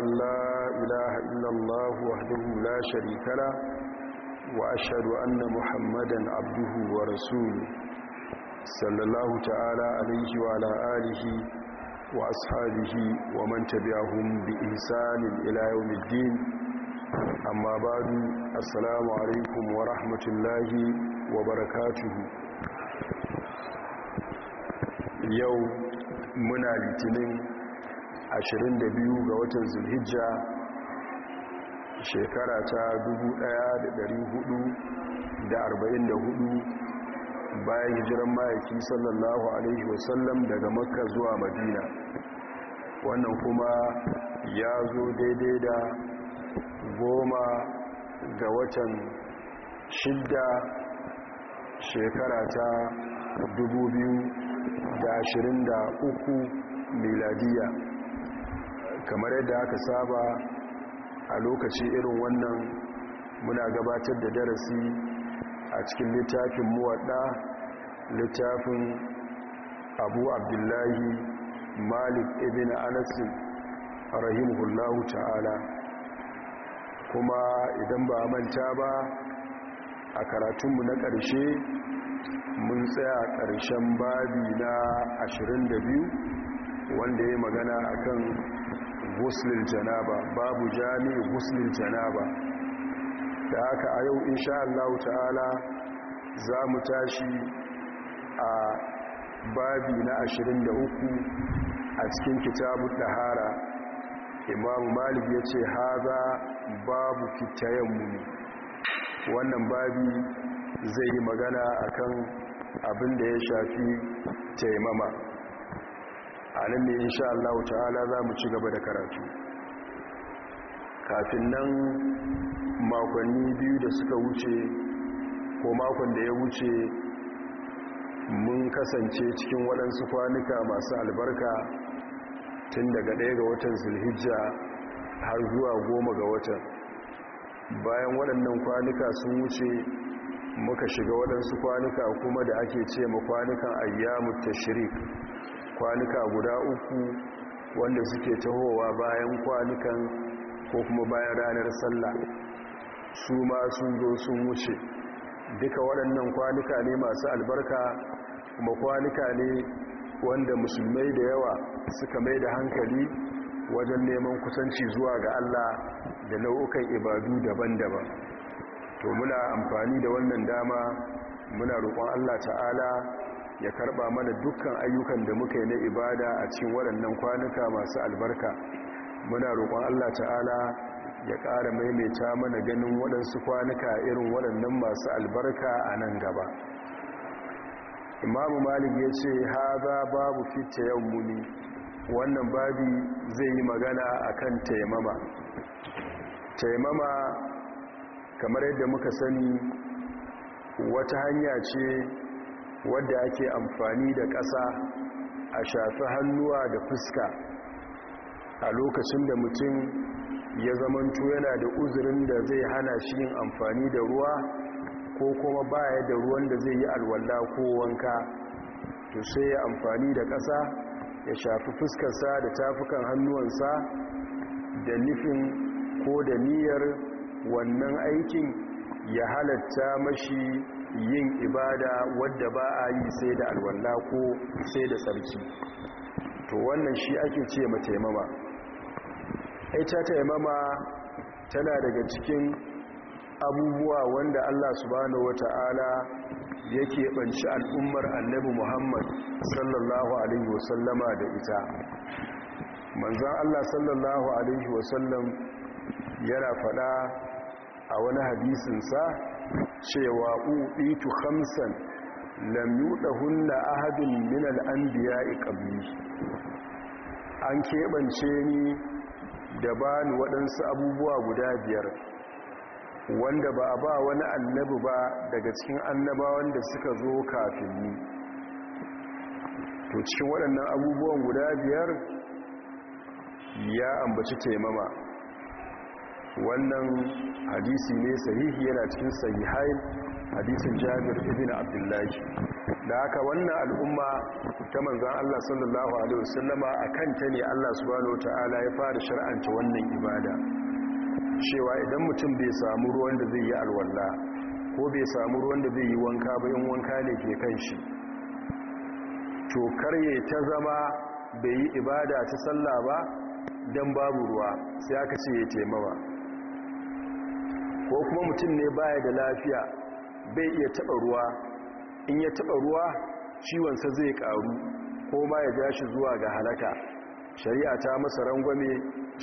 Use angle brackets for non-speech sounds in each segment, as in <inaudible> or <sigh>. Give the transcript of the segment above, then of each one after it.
أن لا إله إلا الله وحده لا شريك له وأشهد أن محمدا عبده ورسوله صلى الله تعالى عليه وعلى آله وأصحابه ومن تبعهم بإنسان إلى يوم الدين أما بعد السلام عليكم ورحمة الله وبركاته اليوم muna litinin 22 ga watan zulhijja shekara ta 1444 bayan hijiran ma'aiki sallallahu alaihi wasallam daga makka zuwa madina wannan kuma ya zo daidai da goma ga watan shidda shekara ta 2023 miladiyya kamar yadda aka saba a lokaci irin wannan muna gabatar da darasi a cikin littafin muwadda littafin abu abdullahi malik ibn anasin rahimahullahu ta'ala kuma idan ba manta ba a karatunmu na ƙarshe mun tsaya ƙarshen babi na 22 wanda ya magana akan guslin janaba babu jami guslin janaba da haka a yau insha Allah ta'ala za mu tashi a babi na 23 a cikin kitabu Tahara, Imam malik ya ce haza babu mu wannan babi zai yi magana akan abin da ya shafi taimama a nan ne insha Allah ta'ala za mu ci gaba da karatu kafin nan makonni biyu da suka wuce ko makon da ya wuce mun kasance cikin waɗansu kwanuka masu albarka tun daga ɗaya ga watan zulhijja har zuwa goma ga watan bayan waɗannan kwanuka sun wuce muka shiga waɗansu kwanuka kuma da ake ce ma kwanukan ta shirik kwanuka guda uku wanda suke tahowa bayan kwanukan ko kuma bayan ranar sallah su ma sun zo sun wuce duka waɗannan kwanuka ne masu albarka kuma kwanuka ne wanda musulmai da yawa suka mai da hankali wajen neman kusanci zuwa ga Allah da nau'ukan ibadu daban-daban to muna amfani da wannan dama muna roƙon Allah ta'ala ya karba mana dukkan ayyukan da muka yi na ibada a cikin waɗannan kwanuka masu albarka muna roƙon Allah ta'ala ya ƙara maimaita mana ganin waɗansu kwanuka irin waɗannan masu albarka a nan gaba imamu malik ya ce haza babu fita yau muni wannan babi zai yi magana a kan taimama taimama kamar yadda muka sani wata hanya ce wadda ake amfani da ƙasa a shafi hannuwa da fuska a lokacin da mutum ya zamanto yana da uzurin da zai hana shi yin amfani da ruwa ko kuma baya da ruwan da zai yi alwala ko wanka to sai ya amfani da ƙasa ya shafi fuskarsa da tafukan hannuwansa da nufin ko da niyyar wannan aikin ya halatta mashi yin ibada wadda ba a yi sai da alwalla ko sai da sarki, to wannan shi ake ce ma taimama ita taimama tana daga cikin abubuwa wanda Allah subhanahu wata'ala yake banci al'ummar annabi Muhammad sallallahu alaihi wasallama da ita manzon Allah sallallahu alaihi wasallam yana fada a wani hadisinsa cewa uɗitu hamsan lam hunna ahadin min al'anbiya'i ikabi an keɓance ni da bani waɗansu abubuwa guda biyar wanda ba a ba wani annabi ba daga cikin annabawan da suka zo kafin ni to cikin waɗannan abubuwan guda biyar ya ambaci taimama wannan hadisi ne sahihi yana cikin sahihai hadisin jabir ibn abdullahi da haka wannan al'umma ta manzan Allah sallallahu alaihi wasallama akan ta ne Allah subhanahu wataala ya fara shar'anta wannan ibada cewa idan mutum bai samu ruwan da zai yi alwalla ko bai samu ruwan da zai yi wanka ba in wanka ne ke kan shi cokar ya ta zama bai yi ibada ta sallah ba don babu ruwa sai aka ce ya taimawa ko kuma mutum ne baya da lafiya bai iya taba ruwa in ya taba ruwa ciwonsa zai karu ko ma ya gashi zuwa ga halaka shari'a ta masa rangwame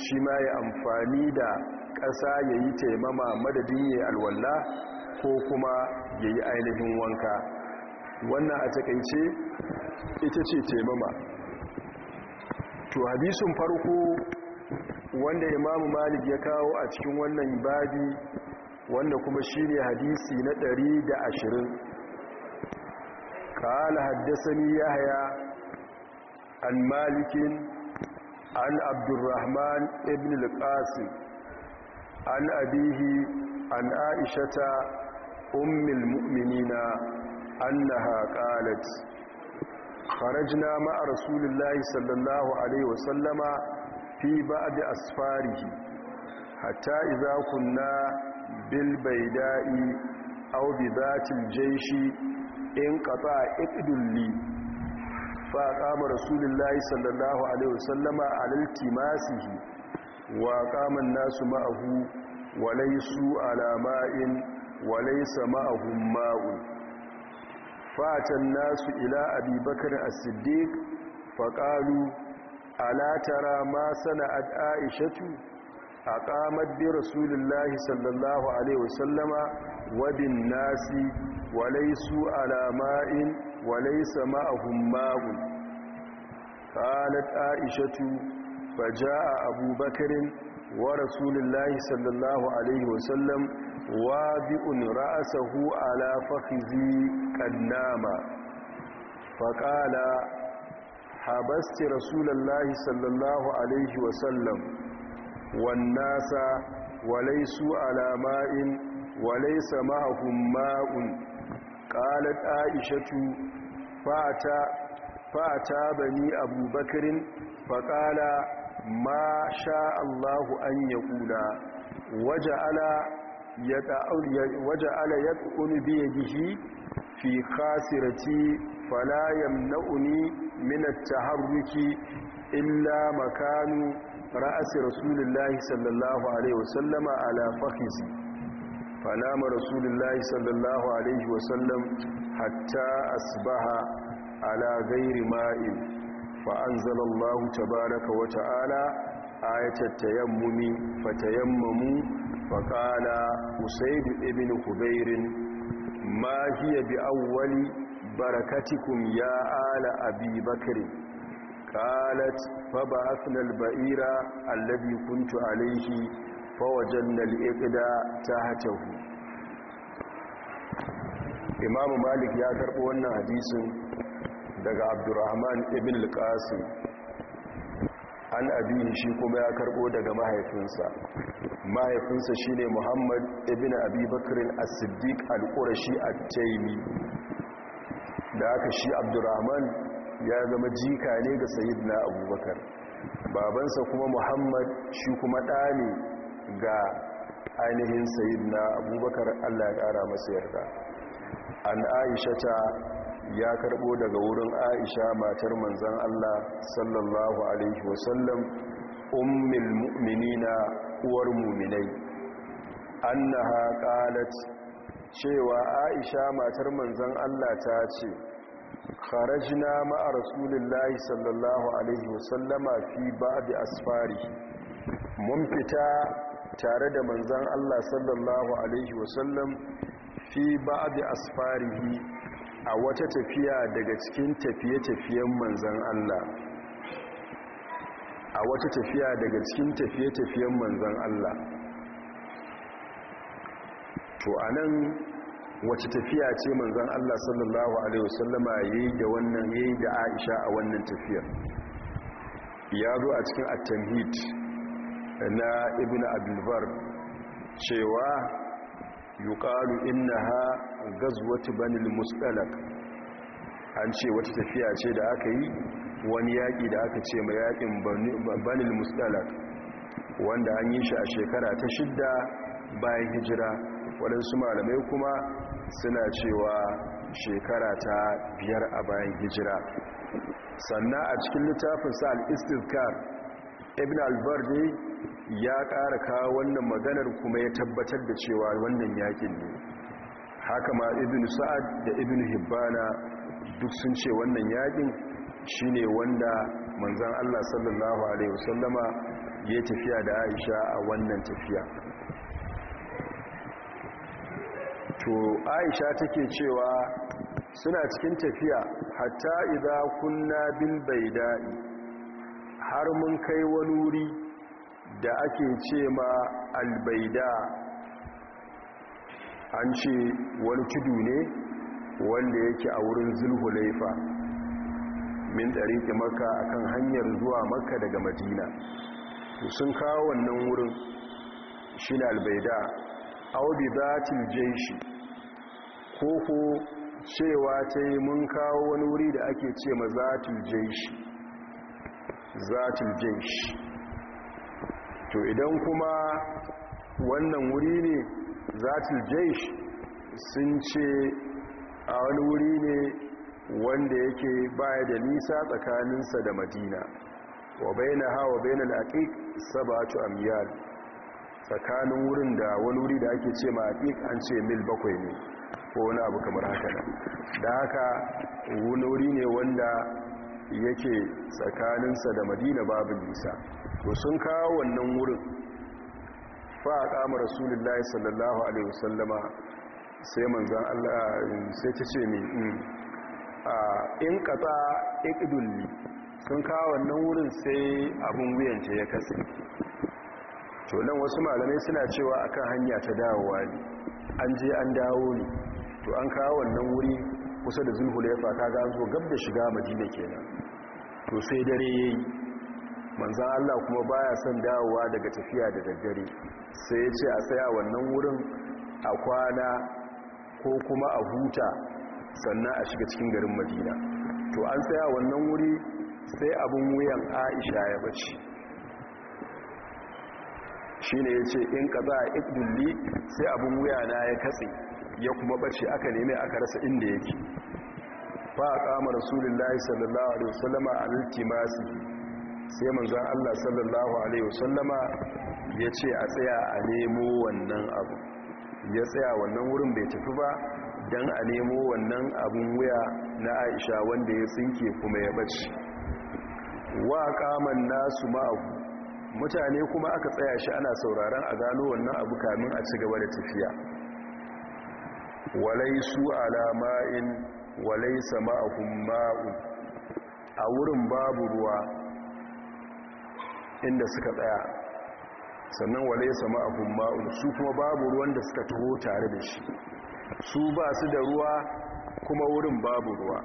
shi ma ya amfani da ƙasa ya yi taimama madadin ya alwalla ko kuma ya yi ainihin wanka wannan a takaice ita ce taimama to hadisun farko wanda imamu malik ya kawo a cikin wannan babi wanda kuma shi ne hadisi na 120 kala haddasani ya haya an malikin an abdurrahman ibn al-qasim an abihi an aishata ummul mu'minina annaha qalat kharajna ma'a rasulillahi sallallahu alaihi sallama. fi da asfarihi hatta iza kunna bil baida'i aw bi zatil jayshi in qata iqdulli fa qama rasulullahi sallallahu alaihi wasallama alal timasihi wa qama nasu ma'ahu wa laysu ala ma'in wa laysa ma'ahum ma'un fatan nasu ila abubakar as-siddiq qalu alatara ma sana'ad aishatu a ƙamar bi rasulullahi sallallahu alaihi wasallama wabin nasi walaisu alama'in walaisa ma'ahun magun ƙalat aishatu fa ja'a abubakarin wa rasulullahi sallallahu alaihi wasallam wabi'un ra'asahu ala fahizi kannama faƙala Habasci rasulallahi sallallahu alaihi wasallam wannasa walaisu alama'in walaisa ma'ahum ma'un qalat aishatu fata fata bani abubakarin faqala ma sha Allahu an yaqula Waje ala ya yaqulu bi gishi? fi khasirati fala yamna'uni min at-taharruki illa makanu ra'asi rasulillahi sallallahu alaihi wasallama ala fakhisi fanama rasulillahi sallallahu alaihi wasallam hatta asbaha ala ghairi ma'in fa anzalallahu tabaaraka wa ta'ala ayatat tayammumi fatayammamu fa qala usayd ibn hudayr ma hiya bi awwali barakatikum ya ala abi bakr qalat fa ba'athna al-ba'ira alladhi kuntu alayhi fa wajanna al-iqda tahtahu imam malik ya karbo wannan hadisin daga abdurrahman ibn al-qasim an abihi shi kuma ya karbo daga mahaifinsa mahaifinsa shi ne muhammad ibn abi bakirin as-siddiq al-qurashi a taymi da aka shi abdurrahman ya zama jika ne ga sayyidina abubakar babansa kuma muhammad shi kuma ɗa ne ga ainihin sayyidina abubakar allah ya ƙara masa yarda an aisha ta ya karbo daga wurin aisha matar manzan allah sallallahu alaihi wasallam ummul mu'minina uwar mu'minai annaha qalat cewa aisha matar manzan allah ta ce kharajna ma'a rasulillahi sallallahu alaihi wasallama fi ba'd asfari mun fita tare da manzan allah sallallahu alaihi wasallam fi ba'd asfarihi a wata tafiya daga cikin tafiye-tafiyen manzan Allah a wata tafiya daga cikin tafiye-tafiyen manzan Allah to anan wace tafiya ce manzan Allah sallallahu alaihi wasallama yayi da wannan yayi da Aisha a wannan tafiyar ya zo a cikin at na ibnu abdul cewa yuqalu innaha ghazwat bani al-mustalaq an ce wata tafiya ce da aka yi wani yaki da aka ce mai yakin Banil al wanda an yi shi a shekara ta shidda bayan hijira waɗansu malamai kuma suna cewa shekara ta biyar a bayan hijira sannan a cikin littafin sa al-istizkar ibn al al-bardi ya ƙara kawo wannan maganar kuma ya tabbatar da cewa wannan yakin ne haka ma ibn sa'ad da ibn hibbana duk sun ce wannan yakin shine wanda manzon Allah sallallahu alaihi wasallama ya tafiya da Aisha a wannan tafiya to Aisha take cewa suna cikin tafiya hatta idza kunna bai daɗi. har mun kai wani wuri da ake ce ma albaida an ce wani tudu ne wanda yake a wurin zulhulaifa min tsariki maka akan hanyar zuwa maka daga madina sun kawo wannan wurin shi na albaida aubi zatin jeshi koko cewa ta yi mun kawo wani wuri da ake ce ma za jeshi je jeshi to idan kuma wannan wuri ne zatul jaish sun ce a wani wuri ne wanda yake baya da nisa tsakaninsa da madina wa na hawa bainal aqiq sab'atu amyal tsakanin wurin da wani wuri da ake ce ma an ce mil bakwai ne ko wani abu kamar haka da haka wani wuri ne wanda yake tsakaninsa da madina babu nisa to sun kawo wannan wurin fa kama rasulullahi sallallahu alaihi wasallama sai manzan Allah sai ta ce mm, A in kata ikidulli sun kawo wannan wurin sai abin wuyance ya kasa to nan wasu malamai suna cewa akan hanya ta dawowa ne an je an dawo ne to an kawo wannan wuri kusa da zulhulaifa ta ga an zo gab da shiga madina kenan to sai dare yayi manzon Allah kuma baya son dawowa daga tafiya da daddare sai ya ce a tsaya wannan wurin a kwana ko kuma a huta sannan a shiga cikin garin madina to an tsaya wannan wuri sai abin wuyan aisha ya bace shine yace in kaza ibdulli sai abin wuya na ya katse ya kuma bace aka neme aka rasa inda yake fa kama rasulullahi sallallahu alaihi wasallama al-timasi sai manzon Allah sallallahu alaihi wasallama ya ce a tsaya a nemo wannan abu ya tsaya wannan wurin bai tafi ba dan a nemo wannan abun wuya na Aisha wanda ya tsinke kuma ya bace wa kaman nasu ma'ahu mutane kuma aka tsaya shi ana sauraron a gano wannan abu kamin a cigaba da tafiya walaisu alama'in walaisa ma'ahum ma'u a wurin babu ruwa inda suka tsaya sannan walaisa ma'ahum ma'u su kuma babu ruwan da suka taho tare da shi su ba su da ruwa kuma wurin babu ruwa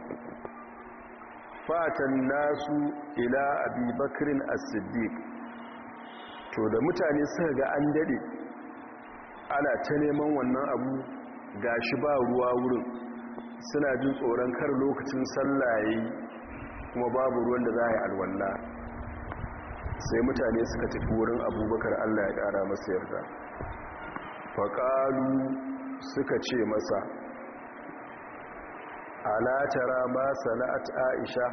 fatan nasu ila abubakirin bakirin as-siddiq to da mutane suka ga an dade ana ta neman wannan abu ga shi ba ruwa wurin suna jin tsoron kar lokacin sallaye kuma babu ruwan da za a yi alwalla sai mutane suka tafi wurin abubakar allah ya ƙara masa yarda faƙalu suka ce masa alatara ma sana'at aisha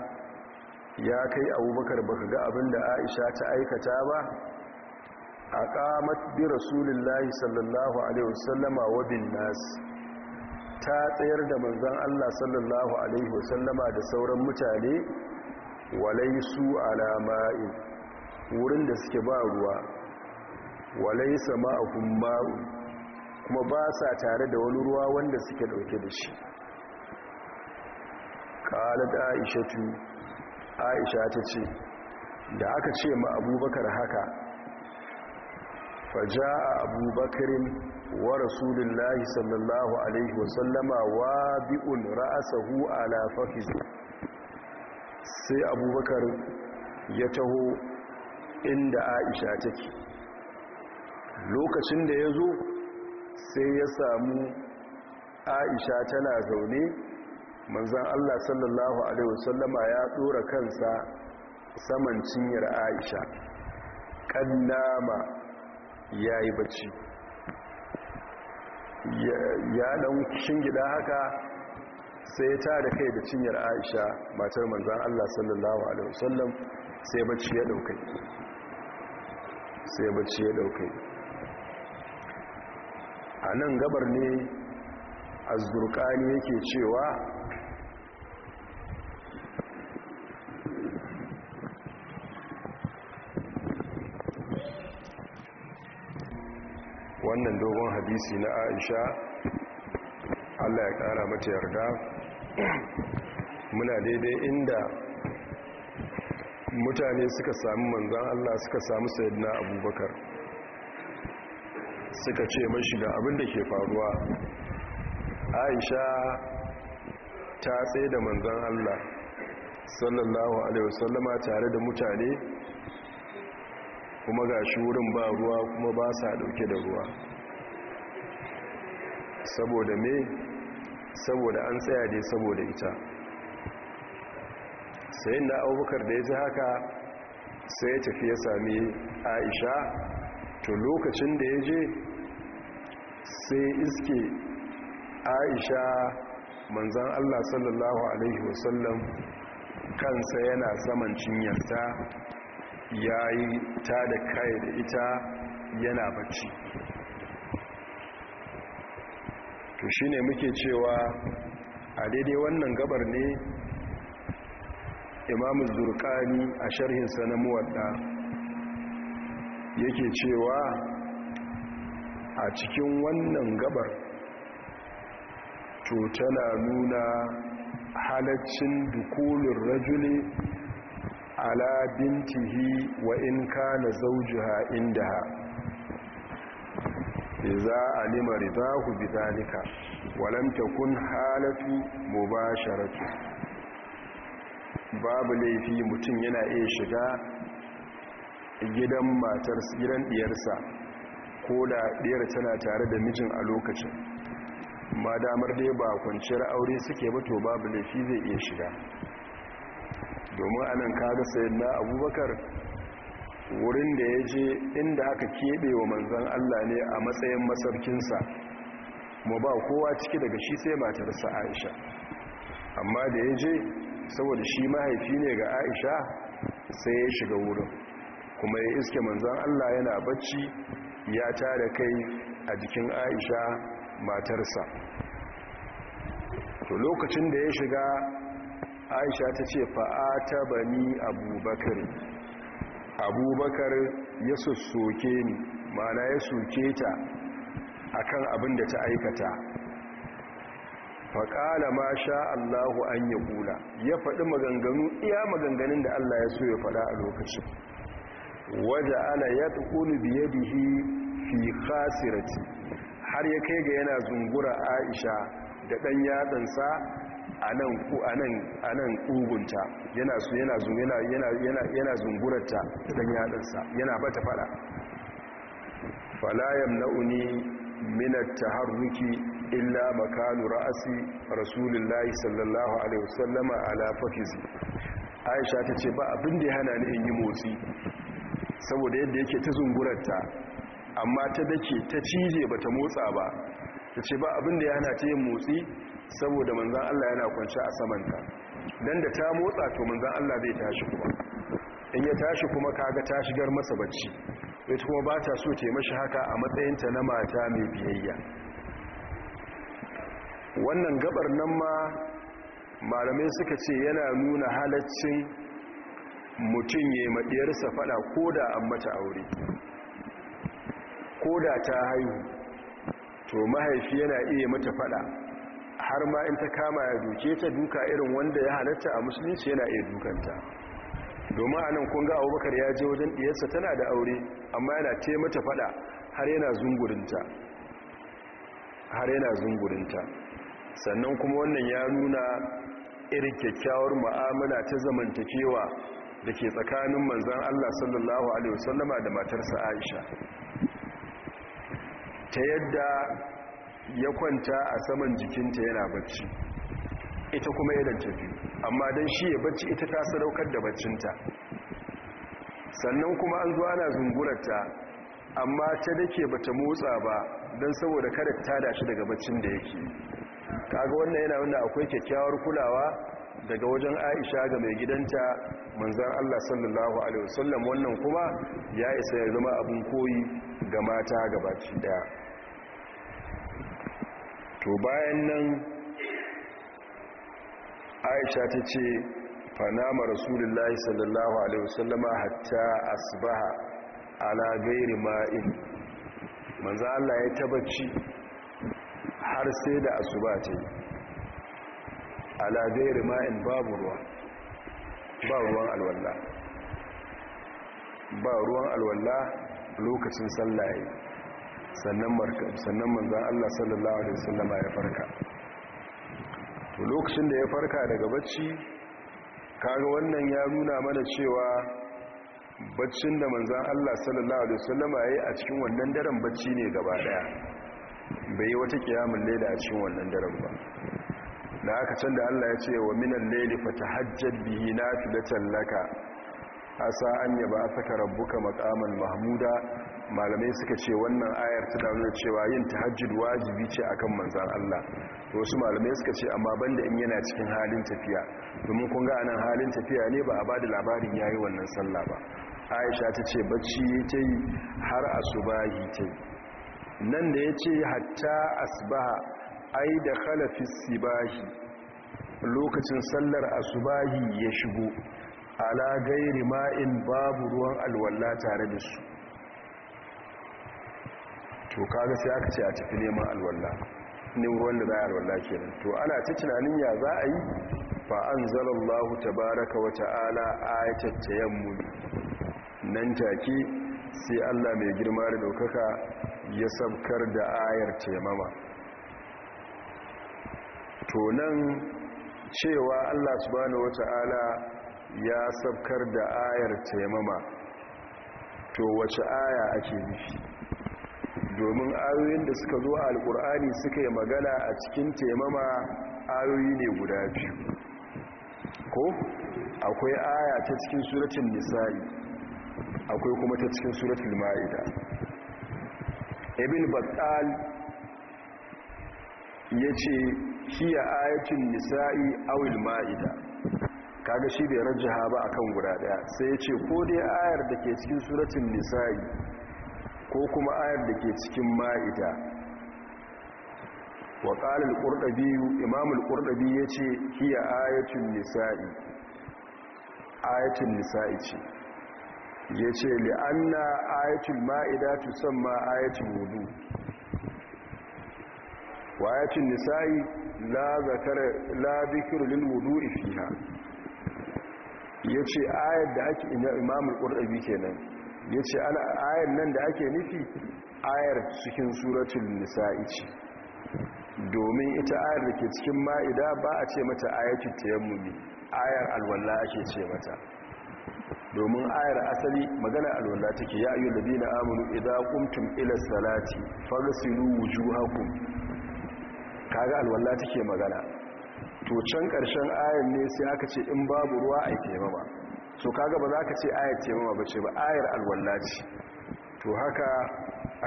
ya kai abubakar baka ga abin da aisha ta aikata ba aqamat bi rasulillahi sallallahu alaihi wasallama wa bin nas ta tsayar da manzon Allah sallallahu alaihi wasallama da sauran mutane walaisu alama'in wurin da suke ba ruwa walaisa ma'ahum ma'u kuma ba sa tare da wani ruwa wanda suke dauke da shi qalat tu aisha ta ce da aka ce ma abubakar haka فجاء أبو wa ورسول sallallahu alaihi الله عليه وسلم وابئ رأسه على sai abubakar ya taho inda aisha take lokacin da ya zo sai ya samu aisha tana zaune manzan allah sallallahu alaihi wasallama ya tsora kansa saman cinyar aisha kan nama ya yi bacci ya dan shingida haka sai ya tada kai da cinyar aisha matar manzan allah sallallahu alaihi wasallam sai bacci ya daukai sai bacci ya daukai a nan gabar ne azurkani yake cewa dogon hadisi na aisha allah ya kara mata yarda muna daidai inda mutane suka sami manzan allah suka sami sayidina abubakar suka ce mashi ga abinda ke faruwa aisha ta tsaye da manzan allah sallallahu alaihi wasallama tare da mutane kuma ga shi wurin ba ruwa kuma ba sa dauke da ruwa saboda me saboda an tsaya dai saboda ita sai na abubakar da ya ji haka sai ya tafi ya sami aisha to lokacin da ya je sai iske aisha manzan allah sallallahu alaihi wasallam kansa yana saman cinyarta ya yi ta da kai da ita yana bacci to shi ne muke cewa a daidai wannan gabar ne imamu zurkani a sharhinsa na muwadda yake cewa a cikin wannan gabar to tana nuna halaccin dukulun rajuli ala bintihi wa in kana zaujiha indaha iza alima ridahu zalika walam takun halatu mubasharatu babu laifi mutum yana iya shiga gidan matar gidan diyarsa ko da diyar tana tare da mijin a lokacin ma damar dai ba kwanciyar aure suke ba to babu laifi zai iya shiga domin anan kaga sayyidina abubakar wurin da ya je inda aka keɓe wa manzan Allah ne a matsayin masarkinsa mu ba kowa ciki daga shi sai matarsa aisha amma da ya je saboda shi mahaifi ne ga aisha sai ya shiga wurin kuma ya iske manzan Allah yana bacci ya tare kai a jikin aisha matarsa to lokacin da ya shiga aisha ta ce fa'a fa'ata bani abubakar abubakar ya sossoke ni mana ya soke ta a kan abin da ta aikata faƙala ma sha Allahu an ya kula ya faɗi maganganu iya maganganun da Allah ya so ya faɗa a lokacin waje ana ya biye bihi fi khasirati har ya kai ga yana zungura aisha da ɗan yatsansa a nan ƙugunta yana zungurarta don yadansa yana ba ta fada falayam na'uni minar taharruki illa makanu ra'asi rasulullahi sallallahu alaihi wasallama ala fafizi aisha ta ce ba abin da ya hana ni in yi motsi saboda yadda yake ta zungurarta amma ta dake ta cije ba ta motsa ba ta ce ba abin da ya hana ta yin motsi saboda manzan Allah yana kwanci a samanta dan da ta motsa to manzan Allah zai tashi kuma in ya tashi kuma kaga ta shigar masa bacci ita kuma ba ta so ta mashi haka a matsayinta na mata mai biyayya wannan gabar nan ma malamai suka ce yana nuna halaccin mutum ya maɗiyarsa fada ko da an mata aure ko da ta haihu to mahaifi yana iya mata fada har ma in ta kama ya doke ta duka irin wanda ya halatta a musulunci yana iya dukanta domin a nan kun abubakar ya je wajen ɗiyarsa tana da aure amma yana ce mata fada har yana zungurinta har yana zungurinta sannan kuma wannan ya nuna irin kyakkyawar mu'amala ta zamantakewa da ke tsakanin manzan Allah sallallahu Alaihi wasallama da matarsa Aisha ta yadda ya kwanta a saman jikinta yana bacci ita kuma yana tafi amma don shi ya bacci ita ta sadaukar da baccinta sannan kuma an zuwa na zungurarta amma ta dake bata motsa ba don saboda kada ta dashi daga baccin da yake kaga wannan yana wanda akwai kyakkyawar kulawa daga wajen aisha ga mai gidanta manzan allah sallallahu alaihi wasallam wannan kuma ya isa ya zama abin koyi ga mata gabaci daya to bayan nan aisha ta ce fanama rasulullahi sallallahu alaihi wasallama hatta asbaha ala gairi ma'in manzo Allah ya tabbaci har sai da asuba ta yi ala gairi ma'in babu ruwa ba ruwan alwala ba ruwan alwala lokacin sallah sannan manzan Allah sallallahu Alaihi wasallama ya farka to lokacin da ya farka daga bacci kaga wannan ya nuna mana cewa baccin da manzan Allah sallallahu Alaihi wasallama ya yi a cikin wannan daren bacci ne gaba daya bai yi wata kiyamun laida a cikin wannan daren ba da aka can da Allah ya ce wa minan laili fatahajjad bihi nafilatan laka asa an yaba saka rabbuka maqaman mahmuda malamai suka ce wannan ayar ta nuna cewa yin tahajjud wajibi ce akan manzan Allah to wasu malamai suka ce amma banda in yana cikin halin tafiya domin kun ga anan halin tafiya ne ba a ba da labarin yayi wannan sallah ba Aisha ta ce bacci ta yi har asubahi ta yi nan da ya ce hatta asbaha ai da khalafis sibahi lokacin sallar asubahi ya shigo ala gairi ma'in babu ruwan alwala tare da su to kaga sai aka ce a tafi neman alwalla ne wanda za a alwalla kenan to ana ta tunanin ya za a yi fa an ta tabaraka wa ta'ala ayatat tayammu nan take sai Allah mai girma da daukaka ya sabkar da ayar taimama. to nan cewa Allah subhanahu wa ta'ala ya sabkar da ayar taimama, to wace aya ake nufi domin ayoyin da suka zo a alkur'ani suka yi magana a cikin taimama ayoyi ne guda biyu ko akwai aya ta cikin suratun nisa'i akwai kuma ta cikin suratun ma'ida ibn battal ya ce hiya ayatun nisa'i awil ma'ida kaga shi bai rajaha ba akan guda daya sai ya ce ko dai ayar da ke cikin suratun nisa'i ko kuma ayar da ke cikin ma'ita wa ƙalil ƙurɗabi imamul ƙurɗabi ya ce hiya ayatun nisa'i ayatun nisa'i ce ya ce li'anna ayatun ma'ida ma ayatun wudu wa ayatun nisa'i la zikir lil wudu fiha ya ce ayar da ake imamul ƙurɗabi kenan ya ce ana ayar nan da ake nufi ayar cikin suratun nisa'i ce domin ita ayar da ke cikin ma'ida ba a ce mata ayatul tayammumi ayar alwala ake ce mata domin ayar asali magana alwala take ya ayyul ladina amanu idza qumtum ila salati faghsilu wujuhakum kaga alwala take magana to can karshen ayar ne sai aka ce in babu ruwa ai ba to kaga ba za ka ce ayar taimama ba ce ba ayar alwallaci, to haka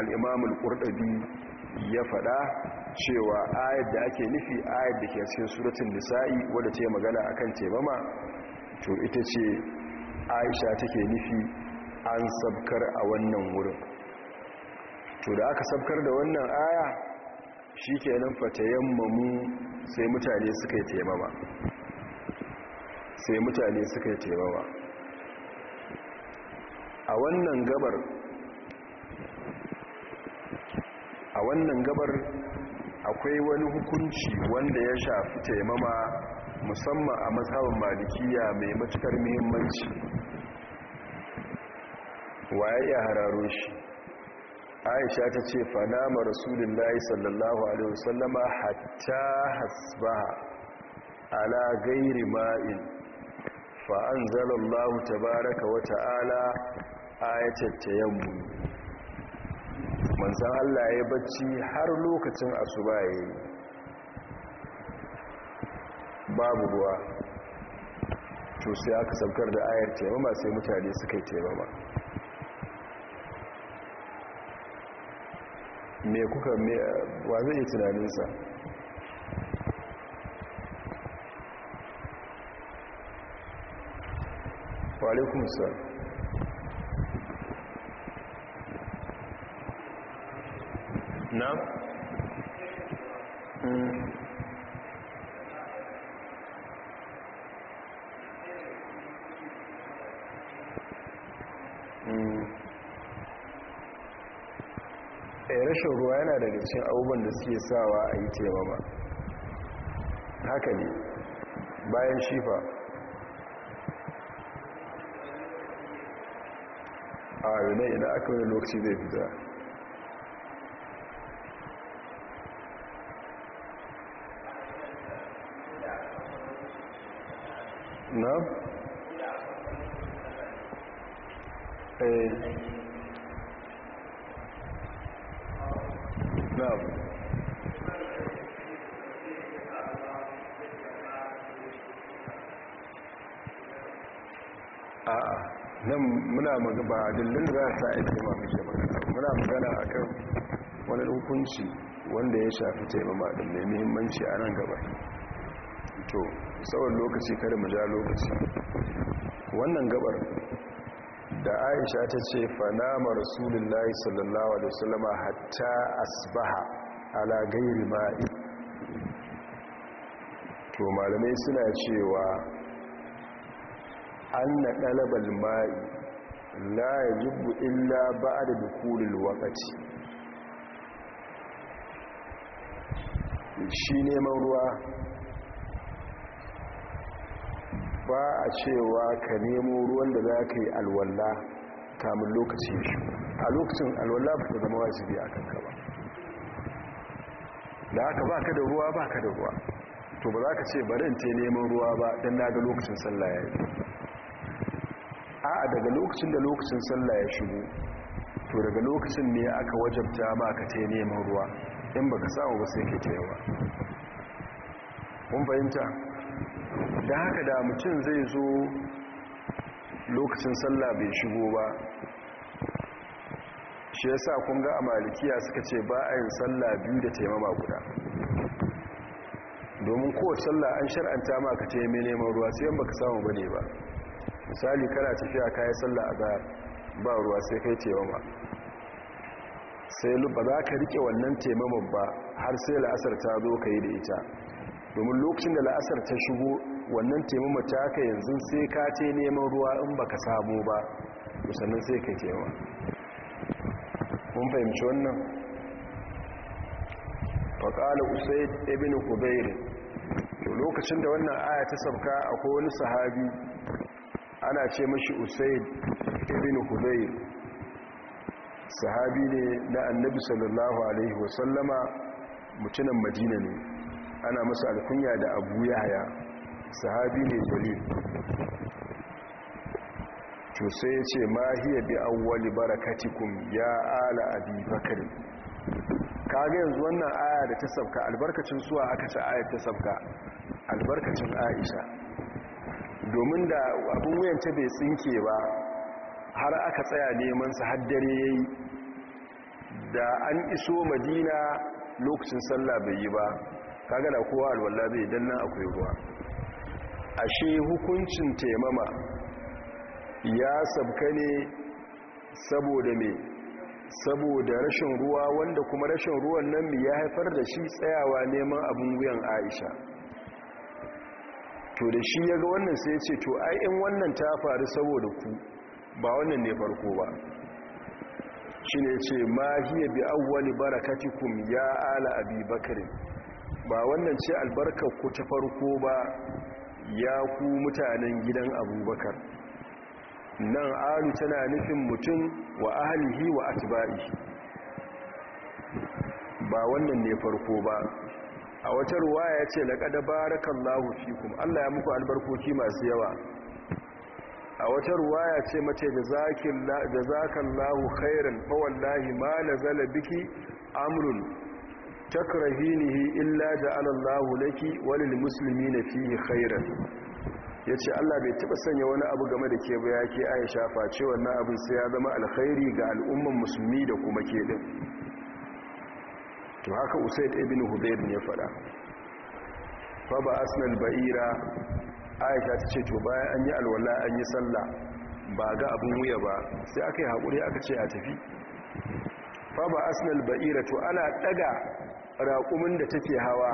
al'imamul ƙurɗabi ya faɗa cewa ayar da ake nufi ayar da ke cikin suratun nisa'i wadda ce magana a kan taimama to ita ce aisha take nufi an sabkar a wannan wurin to da aka sabkar da wannan aya shi ke kenan fata mu sai mutane suka yi taimama sai mutane suka yi taimawa a wannan gabar a wannan gabar akwai wani hukunci wanda ya shafi taimama musamman a mazhabin malikiya mai matukar muhimmanci waye ya hararo shi aisha ta ce fanama rasulullahi sallallahu alaihi wasallama hatta hasbaha ala gairi ma'in fa'anzar Allah ta baraka wata'ala ayatar yammu manzan Allah ya bacci har lokacin asuba ya yi babu ruwa to sai aka saukar da ayar taimama sai mutane suka yi taimama me kuka wa zai tunaninsa wa alaikum na eh, rashin ruwa yana daga cikin abubuwan da suke sawa a yi taimama haka ne bayan shifa a ina ina aka wani lokaci zai fita na? eh na muna magana ba dillin da za a sa ma muke magana muna magana kan wani hukunci wanda ya shafi taimama da mai muhimmanci a nan gaba to tsawon lokaci kada mu ja lokaci wannan gabar da aisha ta ce fanama rasulullahi sallallahu alaihi wasallama hatta asbaha ala gairi ma'i to malamai suna cewa an na ɗalabar ma'i la yajibu illa da dukulil waqti shi neman ruwa ba a cewa ka nemo ruwan da za ka yi alwalla kamun lokaci shi a lokacin alwalla ba ta zama wajibi a kanka ba da haka ba ka da ruwa ba ka da ruwa to ba za ka ce barin te neman ruwa ba don na ga lokacin sallaya yi a'a daga lokacin da lokacin sallah ya shigo to daga lokacin ne aka wajabta ma ka ce neman ruwa in baka samu ba sai ke taiwa kun fahimta da haka da mutum zai zo lokacin sallah bai shigo ba shi yasa kun ga a malikiya suka ce ba a yin sallah biyu da taimama guda domin kowace sallah an shar'anta ma ka taimai neman ruwa sai yan baka samu bane ba misali kana tafiya kayan sallah a zahar ba ruwa sai kai taimama sai ba za ka rike wannan taimaman ba har sai la'asar ta zo ka yi da ita domin lokacin da la'asar ta shigo wannan taimama ta ka yanzu sai ka ce neman ruwa in ba ka samu ba musamman sai ka taimama mun fahimci wannan faƙala usaid ibn kubairu lokacin da wannan aya ta sabka akwai wani sahabi ana ce mashi usaid ibn hudayr sahabi ne na annabi sallallahu alaihi wasallama mutumin madina ne ana masa alkunya da abu yaya sahabi ne jalil to sai ya ce ma hiya bi awwali barakatikum ya ala abi bakr kaga yanzu wannan aya da ta sabka albarkacin suwa aka ce aya ta sabka albarkacin aisha domin da abin wuyanta bai tsinke ba har aka tsaya neman su haddare ya yi da an iso madina lokacin sallah bai yi ba kaga da kowa alwallah bai dan nan akwai ruwa ashe hukuncin taimama ya sabka ne saboda me saboda rashin ruwa wanda kuma rashin ruwan nan ya haifar da shi tsayawa neman abin wuyan aisha to da shi ya ga wannan sai ce to ai in wannan ta faru saboda ku ba wannan ne farko ba shi ne ce ma hiya bi awwali barakatikum ya ala abi bakari ba wannan ce albarkar ku ta farko ba ya ku mutanen gidan abubakar nan alu tana nufin mutum wa ahalihi wa atba'i ba wannan ne farko ba a wata ruwaya ya ce laƙada barakallahu kuma. Allah ya muku albarkoki masu yawa a wata ruwaya ce mace da lahu khairan fa lahi ma zala biki amrun takrahinihi illa ja'ala lahu laki walil muslimina fihi khairan ce Allah bai taɓa sanya wani abu game da ke ba yake Aisha face wannan abin sai ya zama alkhairi ga al'umman musulmi da kuma ke din to haka usaid ibn hudayb ne ya fada fa ba asnal ba'ira aisha ta to bayan an yi alwala an yi sallah ba ga abin wuya ba sai aka yi haƙuri aka ce a tafi fa ba asnal ba'ira to ana daga raƙumin da take hawa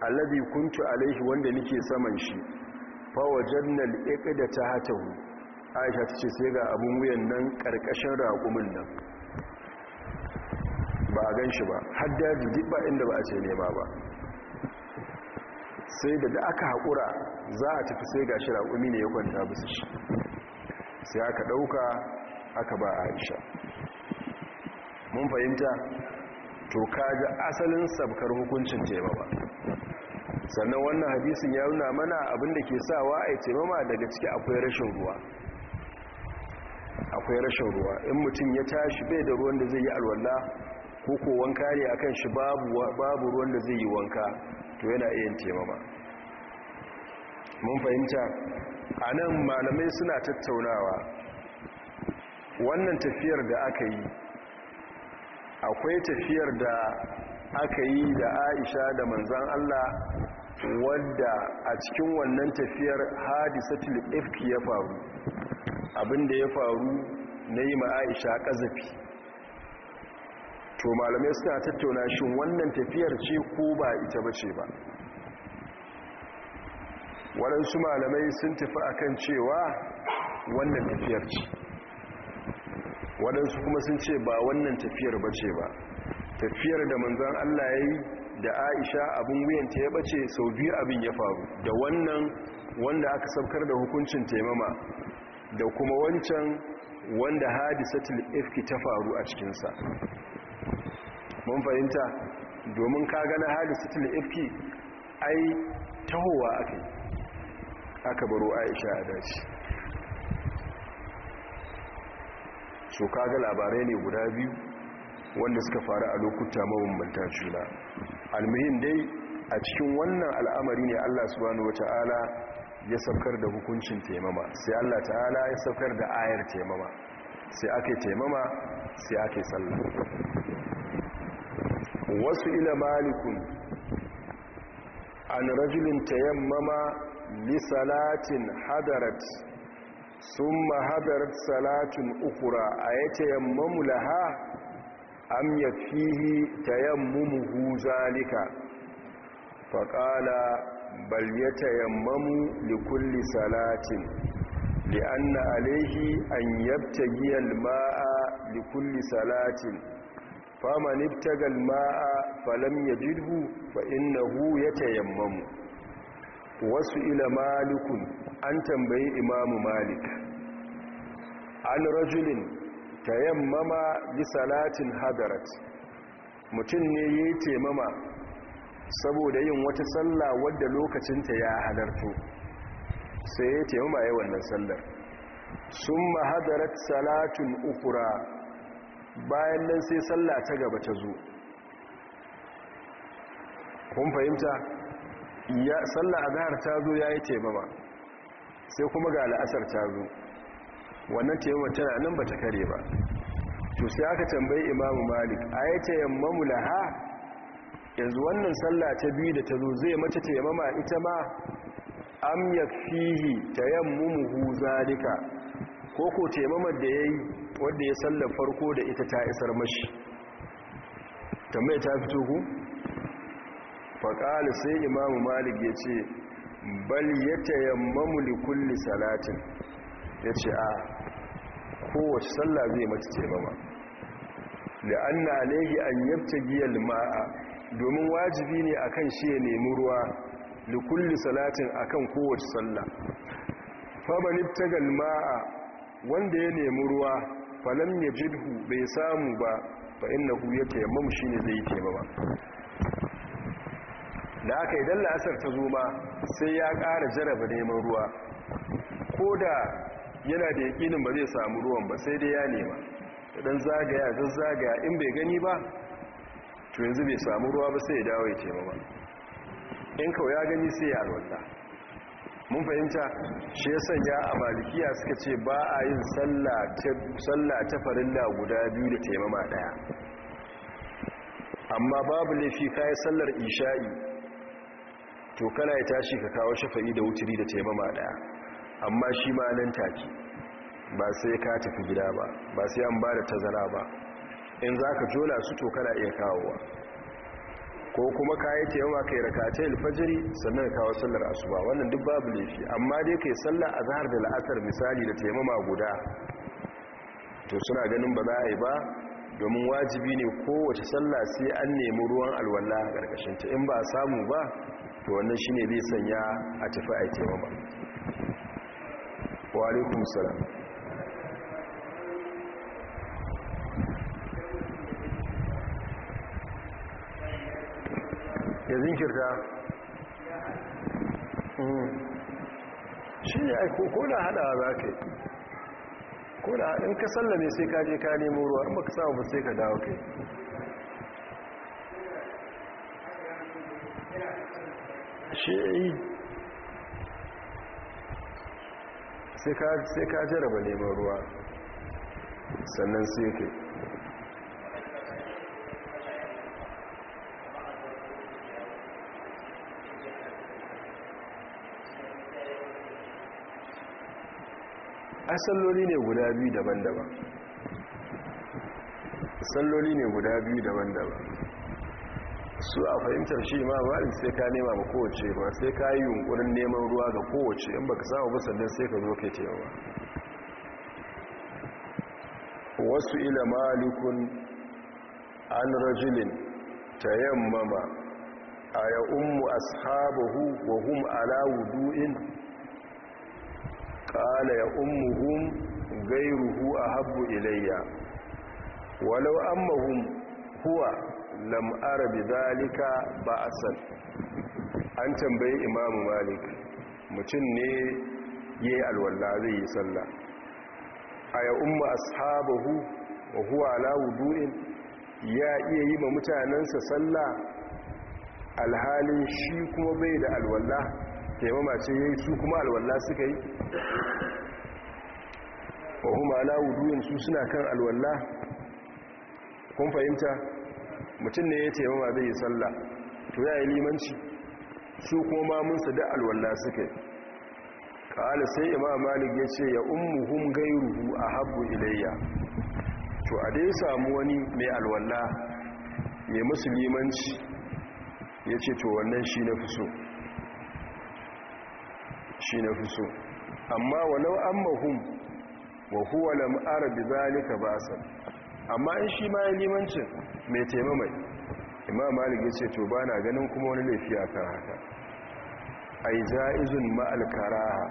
alladhi kuntu alaihi wanda nake saman shi fa wajadnal iqdata hatu aisha ta sai ga abin wuyan nan karkashin raƙumin nan ba a gan shi ba har daji ji ba inda ba a ce nema ba sai da da aka haƙura za a tafi sai gashi raƙumi ne ya kwanta bisa shi sai aka ɗauka aka ba aisha mun fahimta to ga asalin sabkar hukuncin ba sannan wannan hadisin ya nuna mana abinda ke sawa a taimama daga ciki akwai rashin ruwa akwai rashin ruwa in mutum ya tashi bai da ruwan da zai yi alwala ko wanka ne akan shi babu ruwan da zai yi wanka to yana iya ba mun fahimta a nan malamai suna tattaunawa wannan tafiyar da aka yi akwai tafiyar da aka yi da aisha da manzan allah wadda a cikin wannan tafiyar hadisatul ifki ya faru abinda ya faru na yi ma aisha ƙazafi to malamai suna tattauna shi wannan tafiyar ce ko ba ita bace ba waɗansu malamai sun tafi akan cewa wannan tafiyar ce waɗansu kuma sun ce ba wannan tafiyar bace ba tafiyar da manzan Allah ya yi da aisha abin wuyanta ya bace sau biyu abin ya faru da wannan wanda aka saukar da hukuncin taimama da kuma wancan wanda hadisatul ifki ta faru a cikinsa mun fahimta domin ka gana hali sitil ifki ai tahowa aka aka baro aisha a dace so kaga labarai ne guda biyu wanda suka faru a lokuta mabambanta juna almuhim dai a cikin wannan al'amari ne allah subhanahu wata'ala ya saukar da hukuncin taimama sai allah ta'ala ya saukar da ayar taimama sai ake taimama sai ake sallah wasu ila malikun an rajulin tayammama li salatin hadarat sun hadarat salatin ukura a ya tayammamu laha am yafihi tayammumuhu zalika faƙala bal ya tayammamu li kulli salatin an yabta أن ma'a li kulli salatin. faman ibtagal ma'a falam yajidhu fa innahu yatayammamu wasu ila malikun an tambayi imamu malik an rajulin tayammama bi salatin hadarat mutum ne yi taimama saboda yin wata sallah wadda lokacinta ya halarto sai ya taimama yayin wannan sallar summa hadarat salatun ukura bayan nan sai sallah ta gaba ta zo kun fahimta sallah a zahar ta zo ya yi taimama sai kuma ga la'asar ta zo wannan taimama tana nan ba ta kare ba to sai aka tambayi imamu malik a ya tayammamu laha yanzu wannan sallah ta biyu da ta zo zai mata taimama ita ma am yakfihi tayammumuhu zalika ko ko taimamar da ya yi wadda ya sallar farko da ita ta isar mashi tambaye ta fito ku faƙali sai imamu malik ya ce bal ya tayammamu likulli salatin ya ce a kowace sallah zai mace taimama da an na alaihi an yabta giyar ma'a domin wajibi ne akan shi ya nemi ruwa likulli salatin akan kowace sallah famaniftagal ma'a wanda ya nemi ruwa falam ya jidhu bai samu ba fa innahu yake taimamu shi ne zai ba da aka idan la'asar ta zo ma sai ya ƙara jaraba neman ruwa ko da yana da yakinin ba zai samu ruwan ba sai dai ya nema idan zagaya zan zagaya in bai gani ba to yanzu bai samu ruwa ba sai ya dawo ya ba in kawai ya gani sai ya alwallah mun fahimta shi ya sanya a malikiya suka ce ba a yin sallah ta farilla guda biyu da taimama daya amma babu laifi ka yi sallar isha'i to kana ya tashi ka kawo shafa'i da wuturi da taimama daya amma shi ma nan take ba sai ka tafi gida ba ba sai an ba da tazara ba in za ka jola su to kana iya kawowa ko kuma ka yi taimama kai rakatai alfajiri sannan kawo sallar asuba wannan duk babu laifi amma dai kai sallar azhar da la'asar misali da taimama guda to suna ganin ba za a yi ba domin wajibi ne kowace sallah sai an nemi ruwan alwala a ƙarƙashin ta in ba a samu ba to wannan shine zai sanya a tafi a taimama wa ya zinkirta hmm. shi ne aiko ko da haɗawa za ka yi ko da in ka sallame sai ka je ka nemo ruwa in ba ka samu ba sai ka dawo kai shi sai ka jaraba neman ruwa sannan sai kai asalloli ne guda biyu daban-daban asalloli ne guda biyu daban-daban su a fahimtar shi ma malik sai ka nema ba kowace ba sai ka yi yunkurin neman ruwa ga kowace in baka samu ba sannan sai ka zo kai cewa wasu ila malikun an rajulin tayammama a ya umu ashabahu wa hum ala wudu'in ƙala ya ummuhum gairuhu a habbu ilayya walau ammahum huwa lam ara bi zalika ba'asan an tambayi imamu malik mutum ne yayi alwala zai yi sallah aya umma ashabahu wa huwa ala wudu'in ya iya yi ma mutanansa sallah alhalin shi kuma bai da alwala taimama ce ya yi su kuma alwallah suka yi wahuma ala wuduyin su suna kan alwallah kun fahimta mutum ne ya taimama zai yi sallah to ya yi limanci su kuma mamunsa da alwallah suka yi ƙala sai imam malik ya ce ya ummuhum gairuhu a habbu ilayya to a dai samu wani mai alwallah mai musulmanci ya ce to wannan shi na fi so shi na fi so amma walau an mahum wa huwa lam'ara bi zalika sa? amma in shi ma limancin mai taimamai imam malik ya ce to ba na ganin kuma wani laifi kan haka ai za'izun ma'al karaha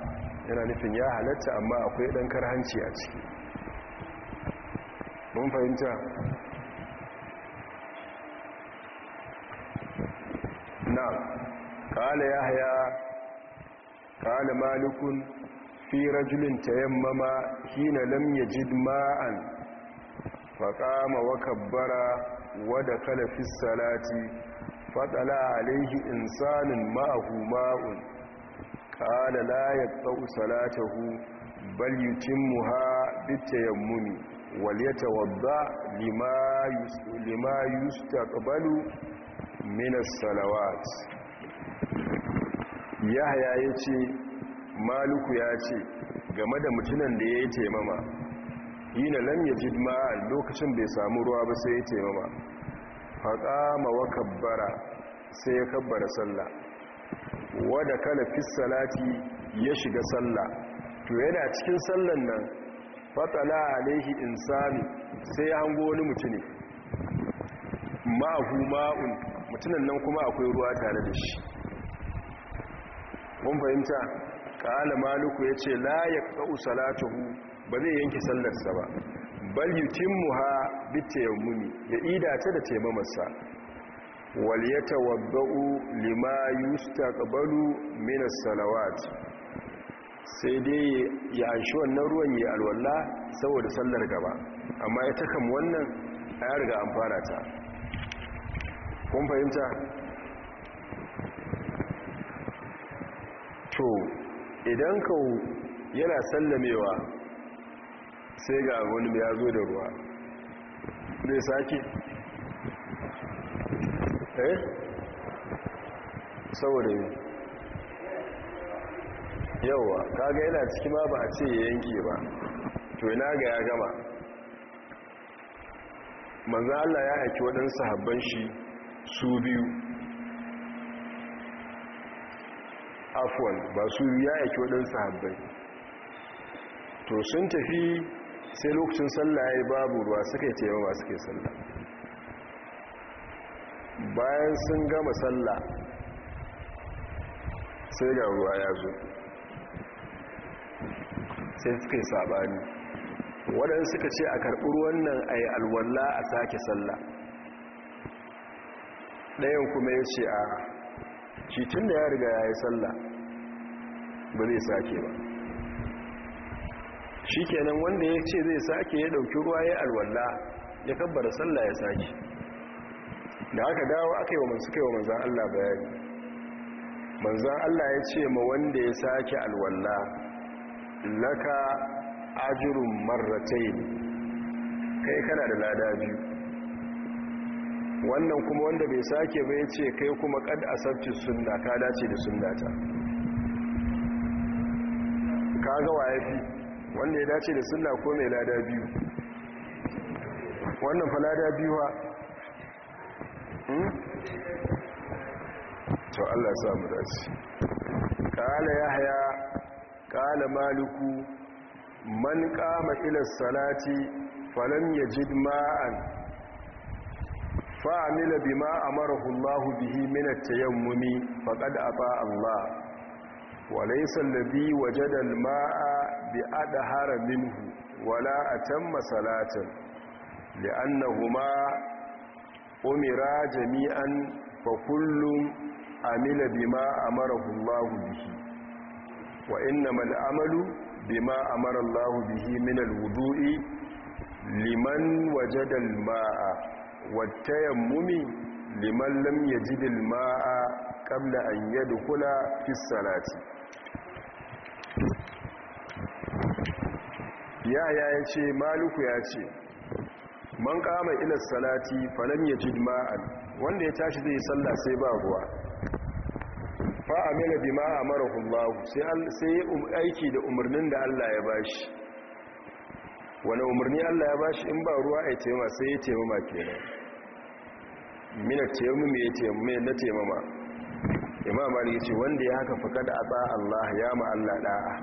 yana nufin ya halatta amma akwai dan karhanci a ciki mun fahimta na ya haya. kala malikun fi rajulin tayammama hina lam yajid ma'an faqama wa kabbara wa dakala fi salati fadala alayhi insanun ma'ahu ma'un kala la yaqau salatahu bal yutimmuha bi tayammumi wal yatawadda lima yus'u lima yustaqbalu min as-salawat yahaya ya ce maluku ya ce game da mutunan da ya yi taimama yi na lam ya jidma lokacin bai samu ruwa ba sai ya taimama faƙama wa kabbara sai ya kabbara sallah wadda kala fi salati ya shiga sallah to yana cikin sallan nan fatsala alaihi insani sai ya hango wani mutune ma'ahu ma'un mutunan nan kuma akwai ruwa tare da shi mun fahimta ƙala maluku ya ce layak ɗau salatuhu ba zai yanki sallarsa ba bal yi mu ha bitta muni ya idace da taimamarsa wal ya yatawaddau lima yustaqbalu min minas salawat sai dai ya anshi wannan ruwan ya alwalla saboda sallar gaba amma ya kam wannan a riga an fara ta kun fahimta to idan ka yana sallamewa sai ga wani ya zo da ruwa zai sake eh saboda yi yauwa kaga yana ciki ma ba a ce ya yanke ba to yana ga ya gama manzan Allah ya haiki waɗansu habban shi su biyu afwan ba su ya yake waɗansu habbai to sun tafi sai lokacin sallah ya yi babu ruwa suka yi taimama suka yi sallah bayan sun gama sallah sai ga ruwa ya zo sai suka yi sabani waɗansu suka ce a karɓi ruwan nan a yi alwallah a sake sallah ɗayan kuma ya ce a shi tun da ya riga ya yi sallah ba zai sake ba shi kenan wanda ya ce zai sake ya ɗauki ruwa ya alwallah ya kabbar sallah ya sake da aka dawo aka yi wa masu kai wa manzan allah bayani manzan allah ya ce ma wanda ya sake alwallah laka ajirun marratai kai kana da lada biyu wannan kuma wanda bai sake ba ya ce kai kuma kad sabci sunna ka dace da sunnata ka ga waye fi wanda ya dace da sunna ko mai lada biyu wannan fa lada biyu ha hmm? to Allah sa samu dace Kala yahya kala maliku man qama ila salati falam yajid ma'an fa'amila bima amarahu Allah bihi min at-tayammumi faqad ata Allah wa laysa alladhi wajada al-ma'a bi adhara minhu wala ma salatan li'annahuma umira jami'an fa kullun amila bima amarahu Allah bihi wa innamal amalu bima marar Lahu bihi min wudui liman wajada al-ma'a wata yammumi liman lam ya ji dilma'a ƙabla an yi dukula fissalati yaya ya ce maluku ya ce man kama ilar salati falam ya ji ma'an wanda ya tashi zai salla sai ba ruwa fa'amila bi ma'a mara kullahu sai ya aiki da umarnin da allah ya bashi wani umarni Allah ya bashi in ba ruwa ai taimama sai ya taimama kenan mina taimama mai ya taimama na taimama imam malik ce wanda ya haka faqad ata Allah ya ma Allah da'a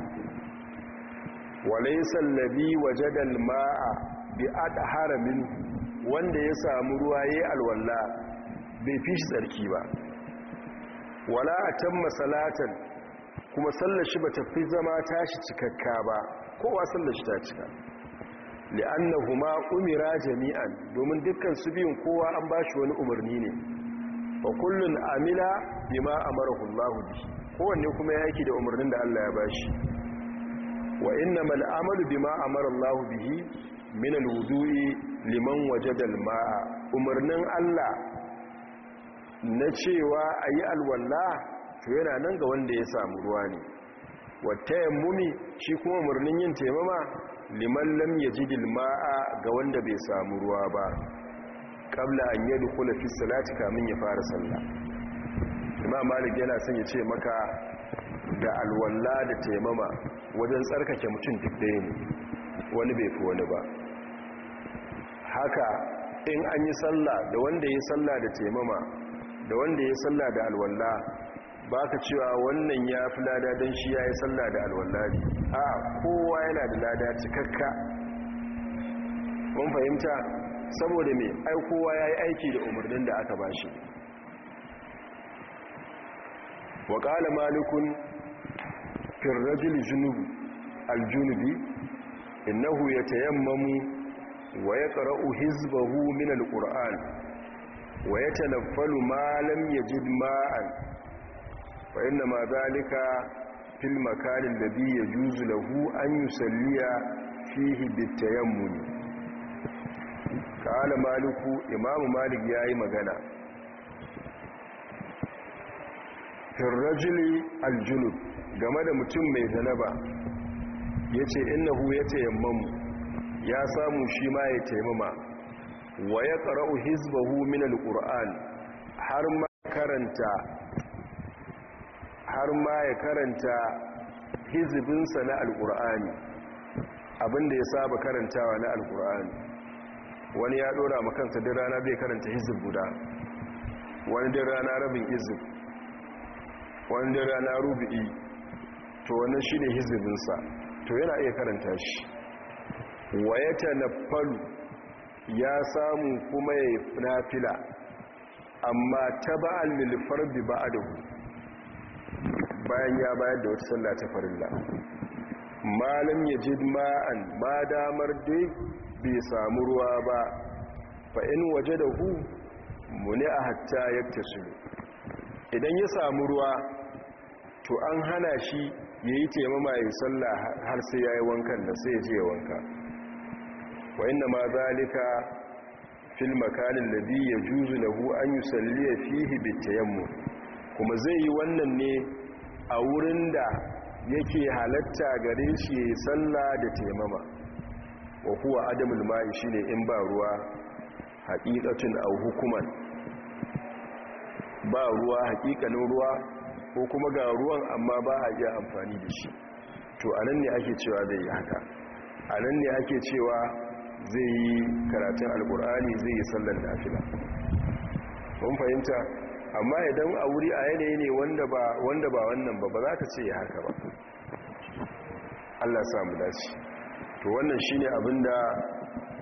walaysa allazi wajada maa bi adhara min wanda ya samu ruwa yayi alwala bai fi shi tsarki ba wala a atamma salatan kuma sallar shi bata fi zama tashi cikakka ba kowa sallar shi ta cika ma umira jami'an domin dukkan su biyun kowa an bashi wani umarni ne fa kullun amila bima amarahu Allah bihi kowanne kuma yake da umarnin da Allah ya bashi wa innamal amalu bima amara Allah bihi min alwudu'i liman wajada alma'a umarnin Allah na cewa ayi alwalla to yana nan ga wanda ya samu ruwa ne wa tayammumi shi kuma umarnin yin taimama liman lam yajid ma'a ga wanda bai samu ruwa ba kabla an yadkhula fi salati kamin ya fara sallah imam malik yana son ya ce maka da alwalla da taimama wajen tsarkake mutum duk ɗaya ne wani bai fi wani ba haka in an yi sallah da wanda ya sallah da taimama da wanda ya sallah da alwalla ba ka cewa wannan ya fi lada don shi ya yi sallah da alwallari a kowa yana da lada cikakka mun fahimta saboda mai ai kowa ya yi aiki da umarnin da aka bashi waƙala ƙala malikun firrajil junubu aljunubi innahu ya tayammamu wa ya ƙara'u hizbahu min alƙur'an wa ya lafalu ma lam yajid ma'an fa inna ma zalika fil makalin da biyu ya juzu lahu an yusalliya fihi bitayammum qala maliku imamu malik yayi magana fil rajuli aljunub game da mutum mai zanaba yace innahu mu. ya samu shi ma ya taimama wa ya ƙara'u hizbahu min al har ma karanta har ma ya karanta hizibinsa na alkur'ani abinda ya saba karantawa na alkur'ani wani ya dora makansa din rana bai karanta hizib guda wani din rana rabin hizib wani din rana rubi'i to wani shi ne hizibinsa to yana iya karanta shi wayata na falu ya samu kuma ya yi nafila amma ta ba'al milifar bi ba'adahu bayan ya bayar da wata sallah ta farilla malam ya ji ma'an ma damar dai bai samu ruwa ba fa in waje da hu muni a hatta yadda su idan ya samu ruwa to an hana shi ya yi taimama ya sallah har sai ya yi wankan da sai ya wanka wa inna ma zalika fil makalin da ya juzu hu an yi salliya fihi yammu kuma zai yi wannan ne a wurin da yake halatta gare shi ya yi sallah da taimama wa kuwa adamul ma'i shi ne in ba ruwa haƙiƙatun a hukuman ba ruwa haƙiƙanin ruwa ko kuma ga ruwan amma ba a iya amfani da shi to anan ne ake cewa zai yi haka anan ne ake cewa zai yi karatun alkur'ani zai yi sallar nafila mun fahimta amma idan a wuri a yanayi ne wanda ba wannan ba ba za ka ce ya haka ba Allah samu dace to wannan shine abinda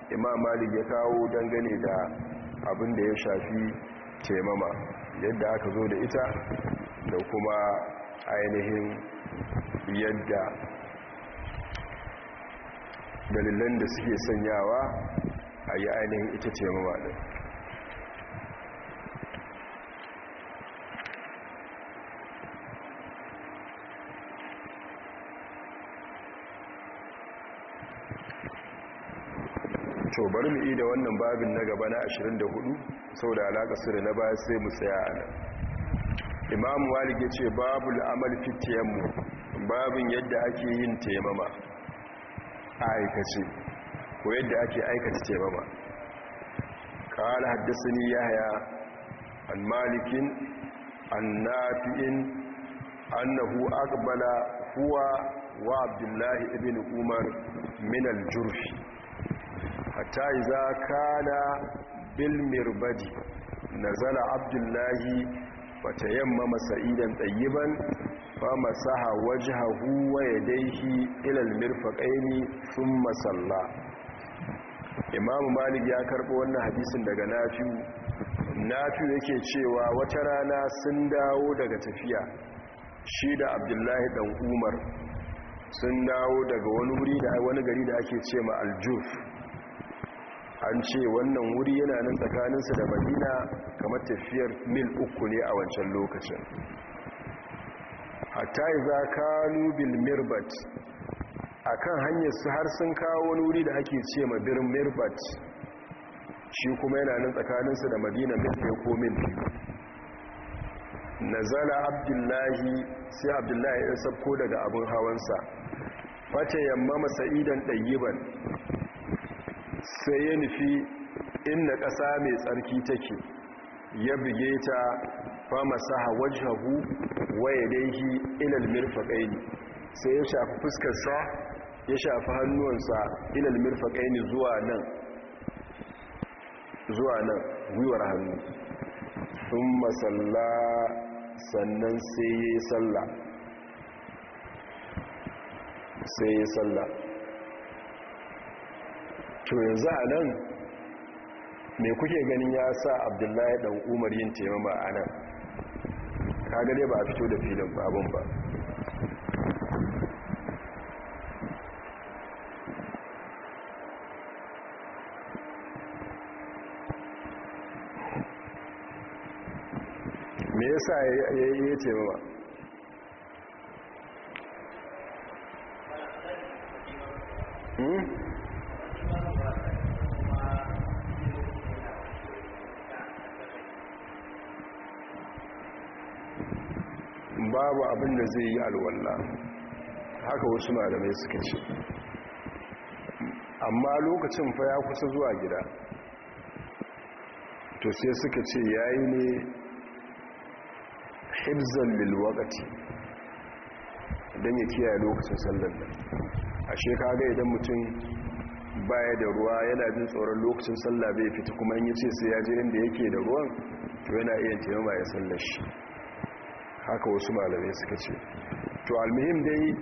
Imam Malik ya kawo dangane da abinda ya shafi taimama yadda aka zo da ita da kuma ainihin yadda dalilan da suke sanyawa a yi ainihin ita taimama to bari mu yi da wannan babin na gaba na 24 sau da alaƙa sirri na baya sai mu tsaya a nan imam malik ya ce babu al'amal fitiyanmu babin yadda ake yin taimama a aikace ko yadda ake aikata taimama haddasa قال حدثني يحيى عن مالك عن نافع أنه أقبل هو wa abdullahi ibn umar minal jurfi hatta iza kana bil mirbadi nazala abdullahi wata yamma masa'idan tayyiban fa masaha wajhahu wa yadayhi ila al mirfaqaini thumma salla imam malik ya karbo wannan hadisin daga nafi'u nafi'u yake cewa wata rana sun dawo daga tafiya shi da abdullahi dan umar sun dawo daga wani wuri da wani gari da ake ce ma aljuf an ce wannan wuri yana nan tsakaninsa da madina kamar tafiyar mil uku ne a wancan lokacin hatta iza kanu bil mirbat a kan hanyar su har sun kawo wani wuri da ake ce ma birin mirbat shi kuma yana nan tsakaninsa da madina mil ɗaya ko mil nazala abdullahi sai abdullahi ya sabko daga abin hawansa fata yamma masa idan ɗayyiban sai ya nufi inda ƙasa mai tsarki take ya buge ta fama saha wajhahu waya daiki ilal mirfaqaini sai ya shafi fuskarsa ya shafi hannuwansa ilal mirfaqaini zuwa nan zuwa nan gwiwar hannu sun masalla sannan sai ya yi sallah sai ya yi sallah to yanzu a nan mai kuke ganin ya sa abdullahi dan umar yin taimama a nan kaga dai ba a fito da filin abin ba me ya sa ya yi taimama hmm? babu abin da zai yi alwallah haka wasu malamai suka ce amma lokacin fa ya kusa zuwa gida to sai suka ce yayi ne hibzan lilwakati don ya kiyaye lokacin sallar nan a shekaga idan mutum baya da ruwa yana jin tsoron lokacin sallah bai fita kuma in yi ce sai ya je inda yake da ruwan to yana iya taimama ya sallar shi haka wasu malamai suka ce to almuhim dai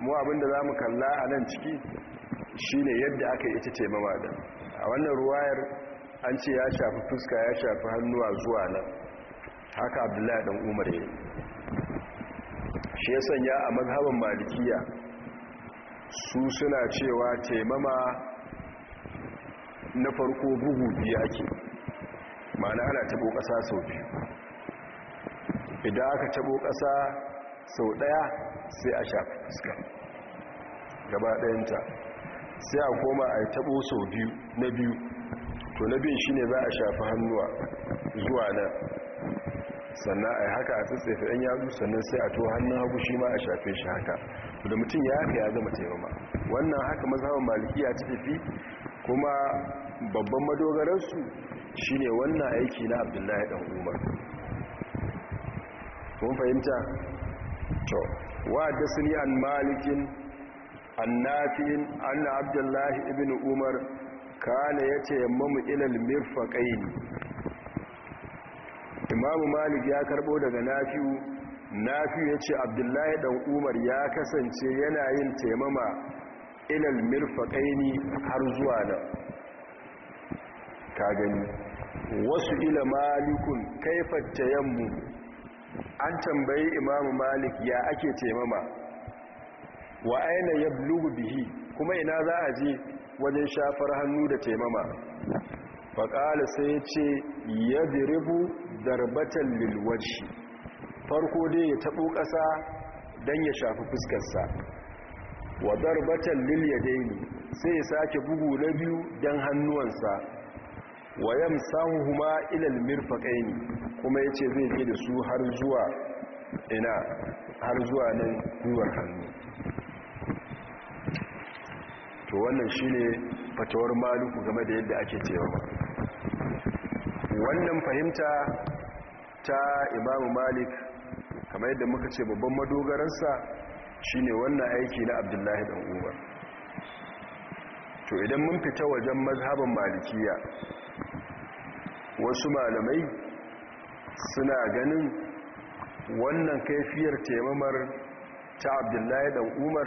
mu abinda za mu kalla a nan ciki shine yadda aka yi ita taimama da a wannan ruwayar an ce ya shafi fuska ya shafi hannuwa zuwa nan haka abdullahi dan umar ya shi ya sanya a mazhaban malikiya su suna cewa taimama na farko bugu biyu ke? ma'ana ana taɓo ƙasa sau biyu idan aka tabo ƙasa sau ɗaya sai a shafi fuska gaba ɗayanta sai a koma a tabo sau biyu na biyu to na biyun shine za a shafi hannuwa zuwa nan sannan a haka a tsitsefe ɗan yatsu sannan sai a to hannun hagu shi ma a shafe shi haka da mutum ya haka ya zama taimama wannan haka mazhaban malikiya ta tafi kuma babban madogararsu ne wannan aiki na abdullahi ɗan umar kun fahimta to wa dasni an malikin annafi'in anna abdullahi ibn umar kana yace yammamu ilal mirfaqain imam malik ya karbo daga nafi'u nafi'u yace abdullahi dan umar ya kasance yana yin taimama ilal ne har zuwa da. ka gani wasu ila malikun kaifa yamma. an tambayi imamu malik ya ake taimama wa aina ya bulugu bihi kuma ina za a je wajen shafar hannu da taimama faƙala sai ya ce ya diribu darbatan lilwarshi farko dai ya taɓo ƙasa don ya shafi fuskarsa wa darbatan lilya daini sai ya sake bugu na biyu don hannuwansa wa ilal ila almirfaqaini kuma yace zai je da su har zuwa ina har zuwa nan gwiwar hannu to wannan shine fatawar maluku game da yadda ake cewa wannan fahimta ta imamu malik kamar yadda muka ce babban madogaransa shine wannan aiki na abdullahi dan umar to idan mun fita wajen mazhaban malikiya wasu malamai suna ganin wannan kaifiyar taimamar ta abdullahi dan umar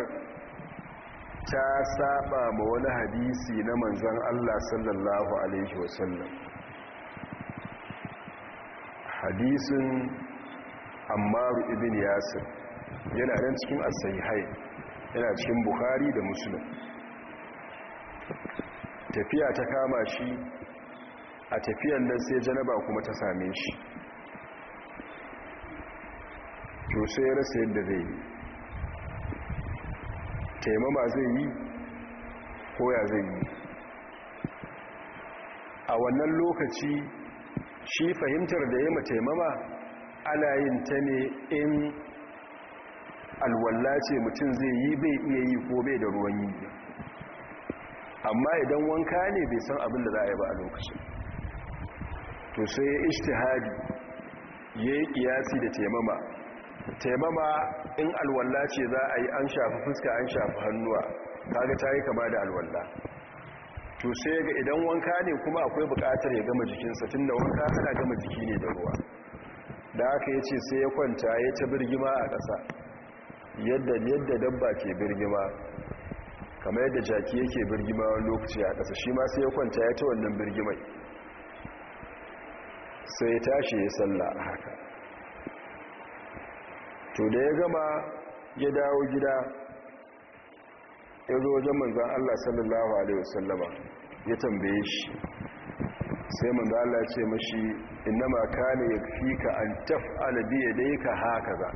ta saba ma wani hadisi na manzan allah sallallahu alaihi wasallam hadisin ammaru ibn yasir yana nan cikin hai yana cikin bukhari da musulun tafiya ta kama shi a tafiyan nan sai janaba kuma ta same shi to sai rasa yadda zai yi taimama zai yi koya zai yi a wannan lokaci shi fahimtar da ya mataimama ana yin ta ne in alwalla ce mutum zai yi bai iya yi ko bai da ruwan yi amma idan wanka ne bai san abin da za a yi ba a lokacin to sai ya ishtihadi ya yi kiyasi da taimama taimama in alwalla ce za a yi an shafi fuska an shafi hannuwa kaga ta yi kama da alwalla to sai ga idan wanka ne kuma akwai bukatar ya gama jikinsa tun da wanka suna gama jiki ne da ruwa da aka yi ce sai ya kwanta ya ta birgima a ƙasa yadda dabba ke birgima kamar yadda jaki yake birgima wani lokaci a ƙasa shi ma sai ya kwanta ya ta wannan birgimai sai ya tashi ya salla a haka to da ya gama ya dawo gida ya zo wajen manzan Allah sallallahu Alaihi wasallama ya tambaye shi sai manzan Allah ce mashi ka kane ya fi ka an tafi alabi ya ya ka haka za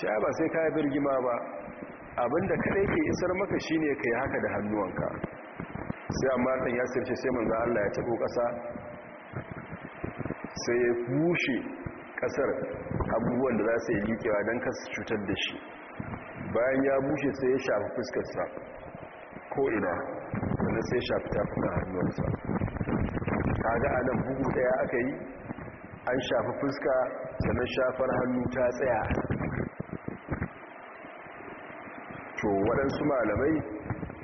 sai ba sai ka yi birgima ba abinda kaɗai ke isar maka shine kai haka da hannuwanka sai amma kan ya sirce sai manzo Allah ya tabo kasa sai ya bushe kasar abubuwan da za su yi likewa don kasu cutar da shi bayan ya bushe sai ya shafi fuskarsa ko ina wanda sai ya shafi tafukan hannuwarsa kaga a nan bugu daya aka yi an shafi fuska sannan shafar hannu ta tsaya to waɗansu malamai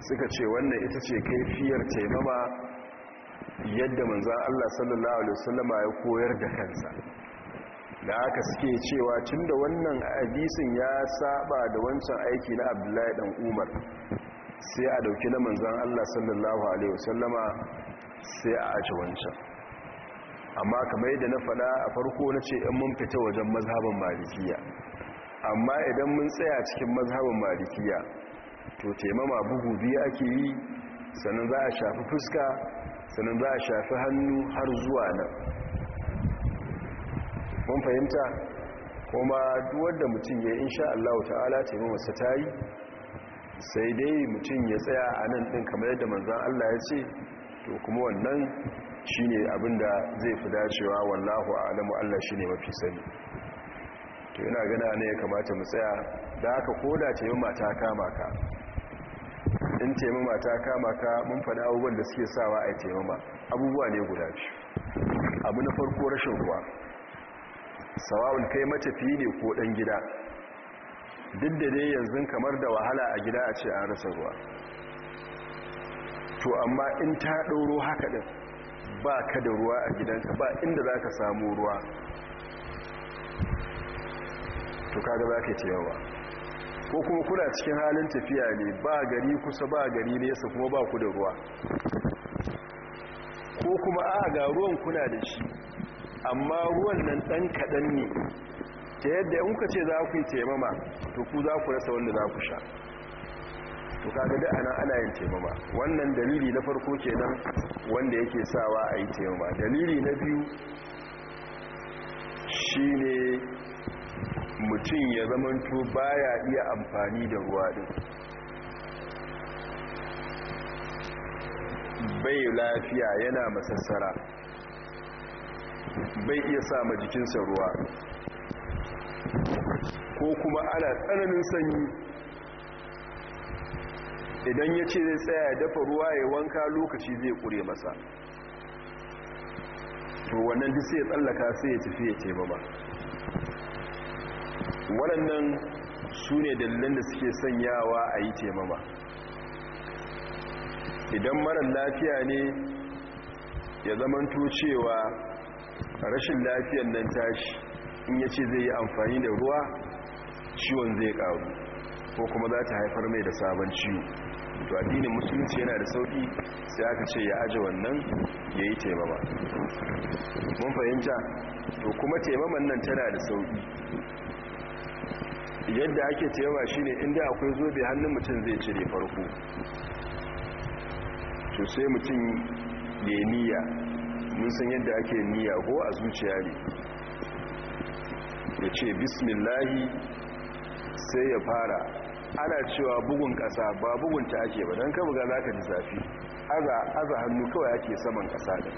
suka ce wannan ita ce kaifiyar taimama yadda manzan Allah sallallahu Alaihi wasallama ya koyar da kansa da aka suke cewa tun da wannan hadisin ya saba da wancan aiki na abdullahi ɗan umar sai a ɗauki na manzan Allah sallallahu Alaihi wasallama sai a aji wancan amma kamar yadda na fada a farko na ce in mun fita wajen mazhaban malikiya amma idan mun tsaya cikin mazhabin malikiya to taimama bugu biyu ake yi sannan za a shafi fuska sannan za a shafi hannu har zuwa nan mun fahimta kuma wadda mutum ya insha Allah ta'ala taimamarsa ta yi sai dai mutum ya tsaya a nan ɗin kamar yadda manzan Allah ya ce to kuma wannan shi ne abinda zai fi dacewa wallahu alamu Allah shi ne mafi sani to yana gana ne ya kamata mu tsaya da aka koda ce yin mata kama ka in taimama mata kama ka mun faɗa abubuwan da suke sawa a taimama abubuwa ne guda biyu abu na farko rashin ruwa sawa'un kai matafi ne ko ɗan gida duk da dai yanzu kamar da wahala a gida a ce an rasa ruwa to amma in ta ɗauro haka ɗin ba ka da ruwa a gidanka ba inda za ka samu ruwa to kaga ba ka ce yawa ko kuma kuna cikin halin tafiya ne ba gari kusa ba gari nesa kuma ba ku da ruwa ko kuma a ga ruwan kuna da shi amma ruwan nan ɗan kaɗan ne ta yadda in ka ce za ku yi taimama to ku za ku rasa wanda za ku sha to kaga da ana ana yin taimama wannan dalili na farko kenan wanda yake sawa a yi taimama dalili na biyu shine mutum ya zamanto baya iya amfani da ruwa din bai lafiya yana masassara bai iya sa ma jikinsa ruwa ko kuma ana tsananin sanyi idan ya ce zai tsaya dafa ruwa ya wanka lokaci zai kure masa to wannan duk sai ya tsallaka sai ya tafi ya ce ba waɗannan su ne dalilan da suke sanyawa a yi taimama idan marar lafiya ne ya zamanto cewa rashin lafiyan nan tashi in ya ce zai yi amfani da ruwa ciwon zai ƙaru ko kuma za ta haifar mai da sabon ciwo to addinin musulunci yana da sauƙi sai aka ce ya aje wannan ya yi taimama mun fahimta to kuma taimaman nan tana da sauƙi yadda ake cewa shine inda akwai zobe hannun mutum zai cire farko to sai mutum ne niyya mun san yadda ake niyya ko a zuciya ne ya ce bismillahi sai ya fara ana cewa bugun kasa ba bugun bugunta ake ba don kabuga za ka ji zafi aza hannu kawai ake saman ƙasa da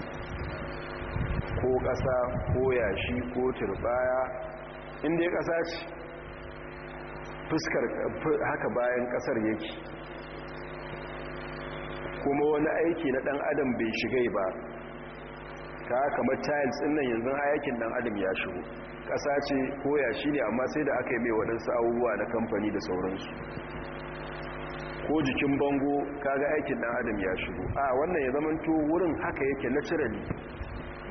ko ƙasa ko yashi ko turbaya inda ya ƙasa ce fuskar haka bayan kasar yake kuma wani aiki na dan adam bai shigai ba ta kamar tiles din nan yanzu aikin dan adam ya shigo kasa ce koya shi ne amma sai da aka yi mai waɗansu abubuwa na kamfani da sauransu ko jikin bango kaga aikin dan adam ya shigo a wannan ya zamanto wurin haka yake naturally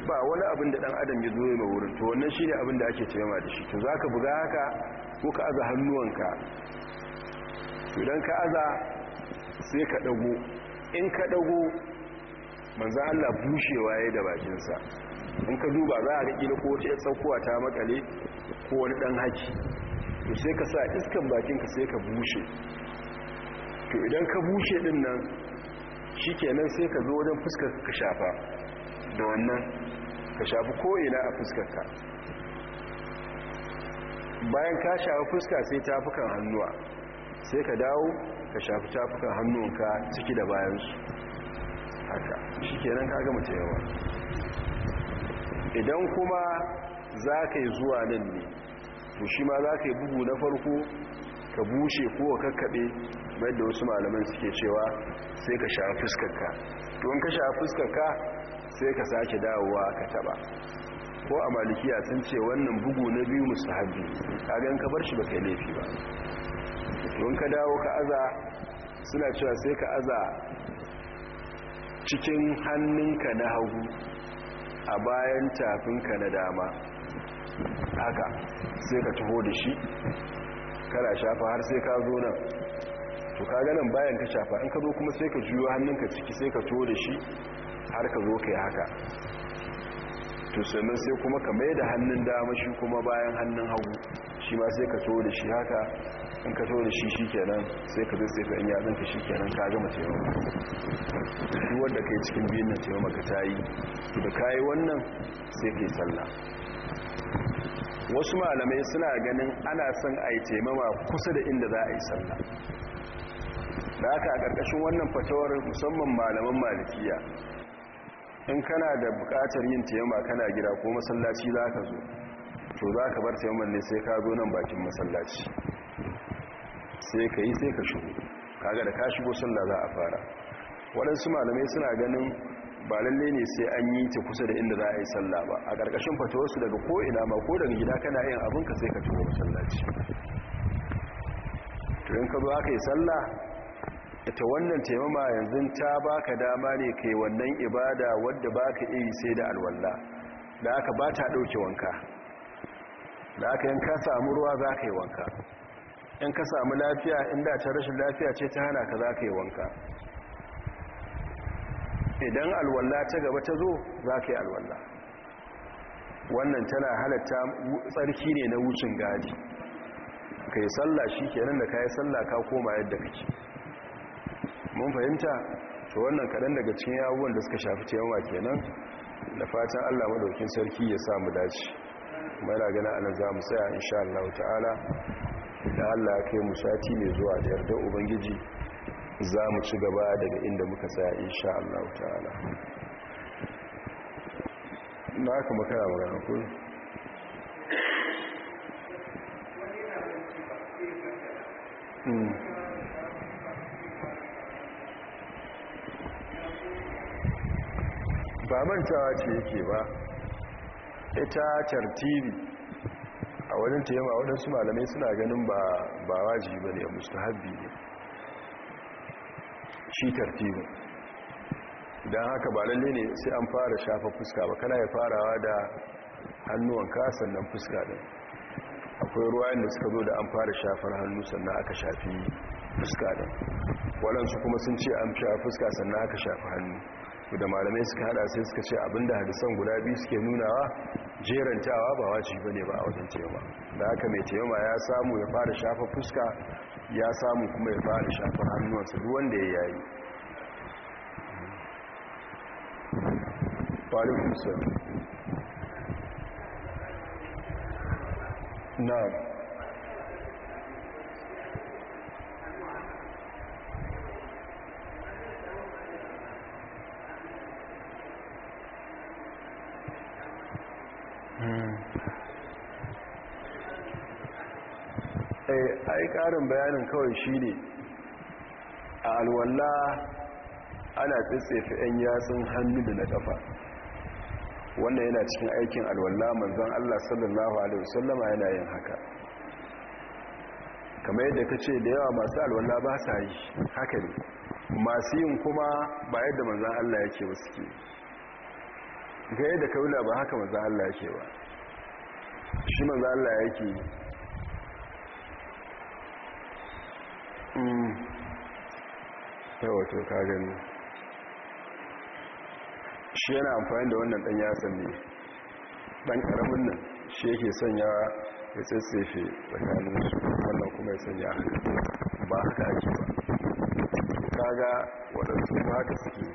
ba wani abin da dan adam ya zo mai wurin to wannan shi ne abin da ake cewa da shi to za ka buga haka ko ka aza hannuwanka idan ka aza sai ka dago in ka dago manzan Allah bushewa ya da bakinsa in ka duba za a riƙi da kowace ya tsakkuwa ta makale ko wani ɗan haki to sai ka sa iskan bakinka sai ka bushe to idan ka bushe ɗin nan shi kenan sai ka zo wajen fuskar ka shafa da wannan ka shafi ko'ina a fuskarka bayan ka shafi fuska sai tafukan hannuwa sai ka dawo ka shafi tafukan hannunka ciki da bayansu haka shi kenan ka gama ta yawa idan kuma za ka yi zuwa nan ne to shi ma za ka yi bugu na farko ka bushe ko kakkaɓe mai da wasu malaman suke cewa sai ka shafi fuskarka don ka shafi fuskarka sai ka sake dawowa ka taba ko a malikiya sun ce wannan bugu na biyu a gan ka bar shi ba kai laifi ba don ka dawo ka aza suna cewa sai ka aza cikin hannunka na hagu a bayan tafinka na dama haka sai ka taho da shi kana shafa har sai ka zo nan to ka ganin bayan ka shafa in ka zo kuma sai ka juyo hannunka ciki sai ka taho da shi har ka zo ka yi haka to sannan sai kuma ka mai da hannun dama shi kuma bayan hannun hagu shi ma sai ka so da shi haka in ka so da shi shi kenan sai ka zai ka in zanka shi kenan ka gama taimaka duk wanda ka yi cikin biyun na taimaka ta yi da ka yi wannan sai ka yi sallah wasu malamai suna ganin ana son a yi taimama kusa da inda za a yi sallah da haka a ƙarƙashin wannan fatawar musamman malaman malikiya in kana da bukatar yin tayamma kana gida ko masallaci za ka zo to za ka bar tayamman ne sai ka zo nan bakin masallaci sai ka yi sai ka shigo kaga da ka shigo sallah za a fara waɗansu malamai suna ganin ba lalle ne sai an yi ta kusa da inda za a yi sallah ba a ƙarƙashin fatawarsu daga ko ina ma ko daga gida kana yin abinka sai ka tuwo masallaci to in ka zo aka yi sallah ta wannan taimama yanzu ta baka dama ne yi wannan ibada wadda baka iya sai da alwallah da aka ba ta dauke wanka da aka yin ka samu ruwa za ka yi wanka in ka samu lafiya inda ta rashin lafiya ce ta hana ka za ka yi wanka idan alwallah ta gaba ta zo za ka yi alwallah wannan tana halatta tsarki ne na wucin gadi ka yi tsalla shi kenan da ka yi tsalla ka koma yadda kake mun fahimta to wannan kaɗan daga cikin yawon da suka shafi ciyawa kenan da fatan allah madaukin sarki ya samu dace mara gana anan za mu saya insha allah ta'ala da allah ya kai mu sati mai zuwa da yardar ubangiji za mu ci gaba daga inda muka saya insha allah ta'ala na aka makara magana mm Hmm. ba mantawa ce yake ba ita tartibi a wajen taimaka waɗansu malamai suna ganin ba waji ba ne mustahabbi ne shi tartibi don haka ba lalle ne sai an fara shafa fuska ba kana ya farawa da hannuwanka sannan fuska ɗin akwai ruwa yadda suka zo da an fara shafar hannu sannan aka shafi fuska ɗin waɗansu kuma sun ce an shafa fuska sannan aka shafi hannu da malamai suka hada sai suka ce abinda hadisan guda biyu suke nunawa jerantawa ba wajibi bane ba a wajen cewa da haka mai cewa ya samu ya fara shafa fuska ya samu kuma ya fara shafa hannuwansa duk wanda ya yayi Na'am. Hmm. Eh, a yi ƙarin bayanin kawai shi ne a alwalla ana tsitsefi 'yan yatsun hannu da na ƙafa wannan yana cikin aikin alwalla manzan allah sallallahu alaihi wasallama yana yin haka kamar yadda ka ce da yawa masu alwalla ba sa yi haka ne masu yin kuma ba yadda manzan allah yake wasu ke ga yadda kaula ba haka maza Allah ke ba shi maza Allah yake mm. yawa wato ka gani shi yana amfani da wannan ɗan yatsan ne ɗan ƙaramin nan shi yake sanyawa ya tsatsefe tsakanin su wannan kuma ya sanya haka ba haka ake ba kaga waɗansu ba haka suke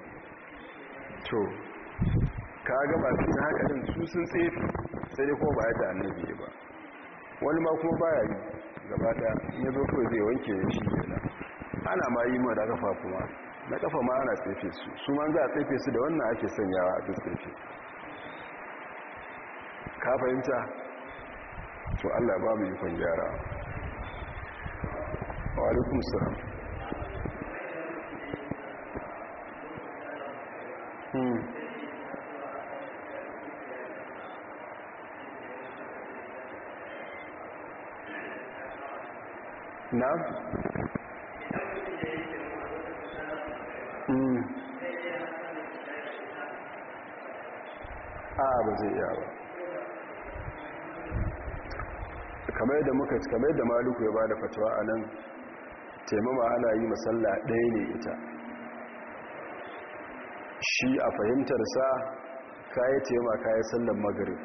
to ka ga ba su haka din su sun tsefi sai dai kuma ba yadda annabi ba wani ma kuma baya yi gaba ta ya zo kawai zai wanke shi kenan ana ma yi mara kafa kuma na kafa ma ana tsefe su su ma za a tsefe su da wannan ake sanyawa a tsefe ka fahimta to Allah ba mu ikon gyara wa alaikum salam hmm Ina? Hmm. a ah, ba zai iya ba kamar da muka kamar da maluku ya ba da fatawa a nan taimama ana yi masalla ɗaya ne ita shi a fahimtarsa kayi taimaka kayi sallan magari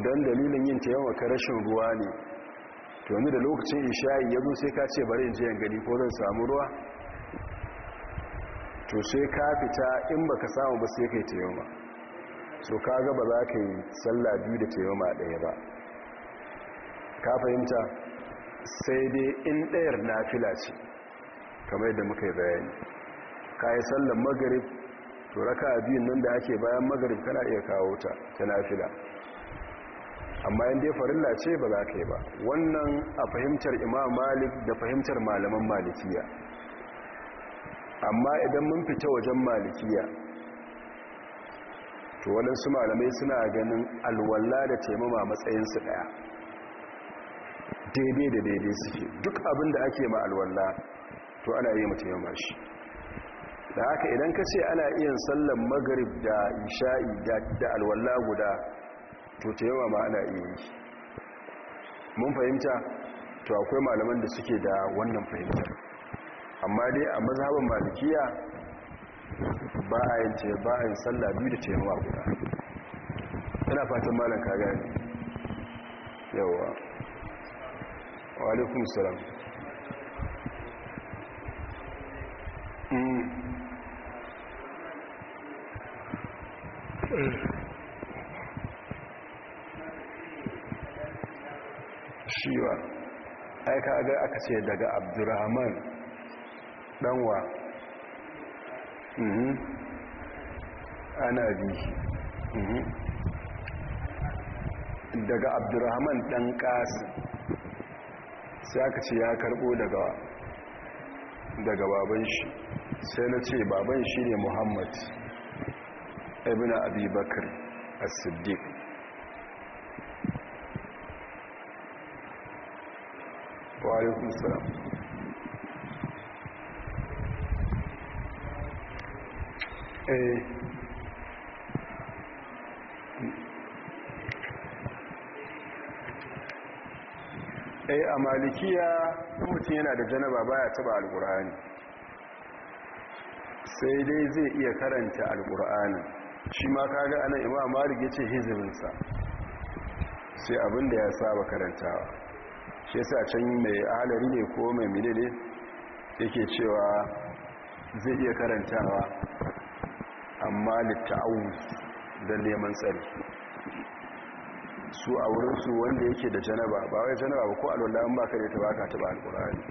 idan dalilin yin taimaka rashin ruwa ne to da lokacin isha'i ya zo sai ka ce bari in je gani ko zan samu ruwa to sai ka fita in baka samu ba sai kai taimama so ka ga ba za ka yi sallah biyu da taimama ɗaya ba ka fahimta sai dai in ɗayar nafila ce kamar da muka yi bayani ka yi sallar magarib to raka biyun nan da ake bayan magarib kana iya kawo ta ta nafila amma yin dai farilla ce ba za ka yi ba wannan a fahimtar imam malik da fahimtar malaman malikiya amma idan mun fita wajen malikiya to waɗansu malamai suna ganin alwallah da taimama matsayinsu ɗaya daidai da daidai suke duk abin da ake ma alwallah to ana yi mataimama shi da haka idan ka ce ana iya sallan magarib da isha'i da alwallah guda to ta yawa ma ana iya yi mun fahimta to akwai malaman da suke da wannan fahimta amma dai a mazhaban malikiya ba a yin ce ba a yin sallah biyu da taimama guda ina fatan malam ka gani yawa wa salam Mm. shiwa aika ga aka ce daga abdurrahman danwa mhm ana bi mhm daga abdurrahman dan kasim sai aka ce ya karbo daga daga baban shi sai na ce baban shi ne muhammad ibn abubakar as-siddiq alaikum salam eh, eh, a malikiya mutum yana da janaba baya taba alkur'ani sai dai zai iya karanta alkur'ani shi ma kaga anan imam malik ce hizibinsa sai abinda ya saba karantawa shi yasa can mai alari ne ko mai milele yake cewa zai iya karantawa amma litta'awus don neman tsari su a wurinsu wanda yake da janaba ba wai janaba ba ko alwallah an baka da ta baka ba alkurani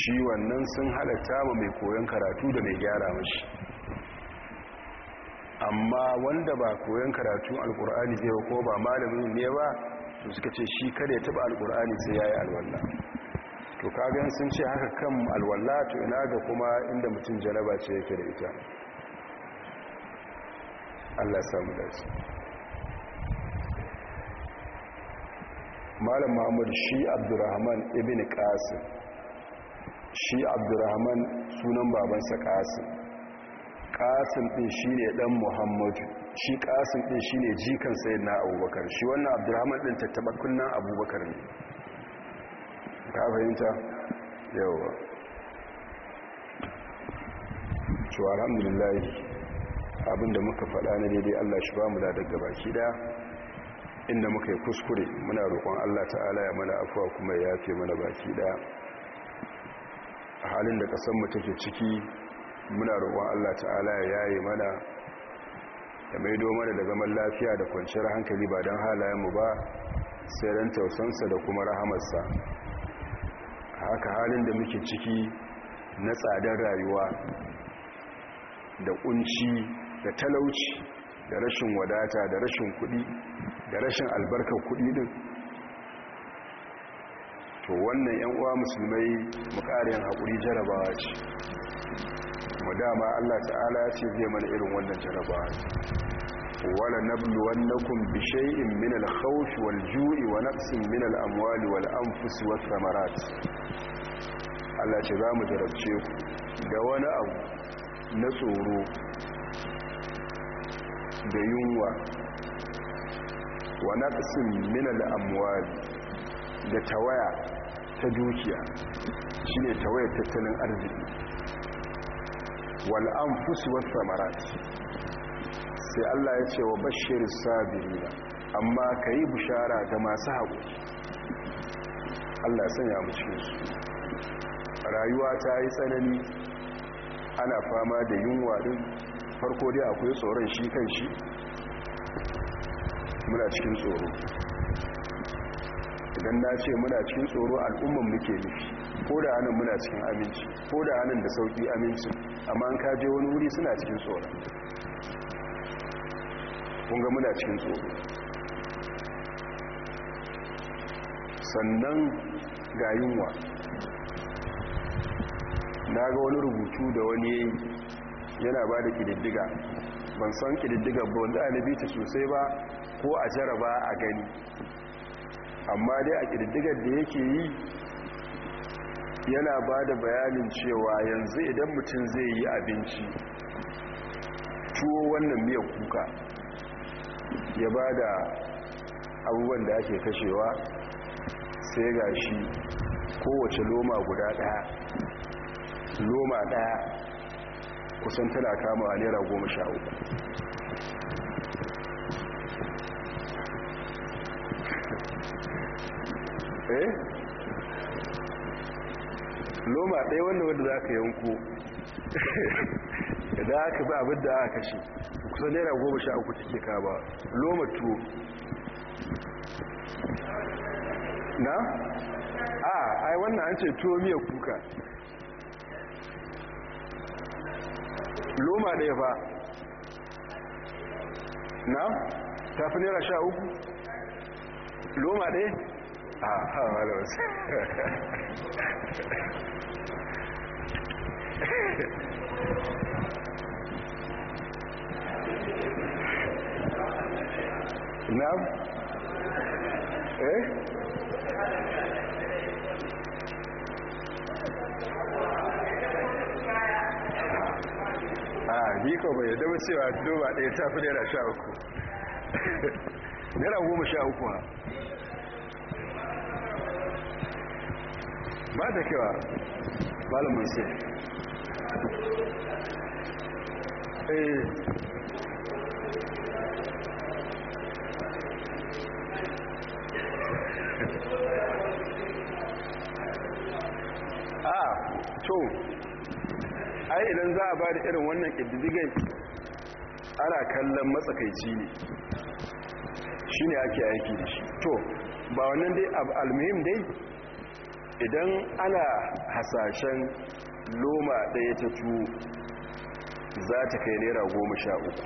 shi wannan sun halatta ma mai koyon karatu da mai gyara mashi amma wanda ba koyon karatu alkur'ani ne ko ba malamin ne ba su suka ce shi kada ya taba alkur'ani sai yayi alwalla, to kagan sun ce haka kan alwalla to ina ga kuma inda mutum janaba ce yake da ita Allah samu dace Malam Muhammad shi Abdurrahman ibn Qasim shi Abdurrahman sunan babansa Qasim kasim din shine ɗan muhammadu shi kasim din shine jikan sayyidina abubakar shi wannan abdurrahman din tattaba abubakar ne ka fahimta yawa to alhamdulillah abinda muka faɗa na daidai Allah shi ba da daga baki da inda muka yi kuskure muna roƙon Allah ta'ala ya mana afuwa kuma ya yafe mana baki da halin da ƙasar mu take ciki muna roƙon Allah ta'ala ya yaye mana ya maido mana da zaman lafiya da kwanciyar hankali ba don halayenmu ba sai don tausansa da kuma rahamarsa A haka halin da muke ciki na tsadar rayuwa da kunci da talauci da rashin wadata da rashin kuɗi da rashin albarkar kuɗi din to wannan yan uwa musulmai yin haƙuri jarabawa ce kuma dama Allah ta'ala ya ce zai mana irin wannan jaraba wala nabluwannakum bi shay'in min al-khawf wal-ju'i wa nafsin min al-amwali wal-anfus wath-thamarat Allah ce za mu jarabce ku da wani abu na tsoro da yunwa wa naqsin min al da tawaya ta dukiya shine tawayar tattalin arziki wal anfus was samarat sai Allah ya ce wa bashir sabirina amma kai bishara ga masu haƙuri Allah sanya mu cikin su rayuwa ta yi tsanani ana fama da yunwa din farko dai akwai tsoron shi kan shi muna cikin tsoro idan na ce muna cikin tsoro al'ummar muke nufi ko da anan muna cikin aminci ko da anan da sauki aminci amma an kaje wani wuri suna cikin tsoro kunga muna cikin tsoro sannan ga yunwa na ga wani rubutu da wani yana ba da ƙididdiga ban san ƙididdiga ba wanda alibi ta sosai ba ko a jaraba a gani amma dai a ƙididdigar da yake yi yana ba da bayanin cewa yanzu idan mutum zai yi abinci tuwo wannan miyar kuka ya ba da abubuwan da ake kashewa sai ga shi kowace loma guda daya loma daya kusan tana kama a naira goma sha uku eh loma ɗaya wanda wanda za ka yanko <laughs> da aka ba abin da aka kashe kusan naira goma sha uku cike ka ba loma tuwo na? a ai wannan an ce tuwo miya kuka loma ɗaya ba na? tafi naira sha uku loma ɗaya? a ha malawarsa <laughs> نعم ايه a ko bai yadda cewa duba ɗaya ta fi naira sha uku naira goma sha uku ha ba da kewa malamin sai Eh. a <laughs> ah, to ai idan za a ba da irin wannan ƙididdigan ana kallon matsakaici ne shi ne ake aiki da shi to ba wannan dai dai idan ana hasashen loma ɗaya ta tuwo za ta kai naira goma sha uku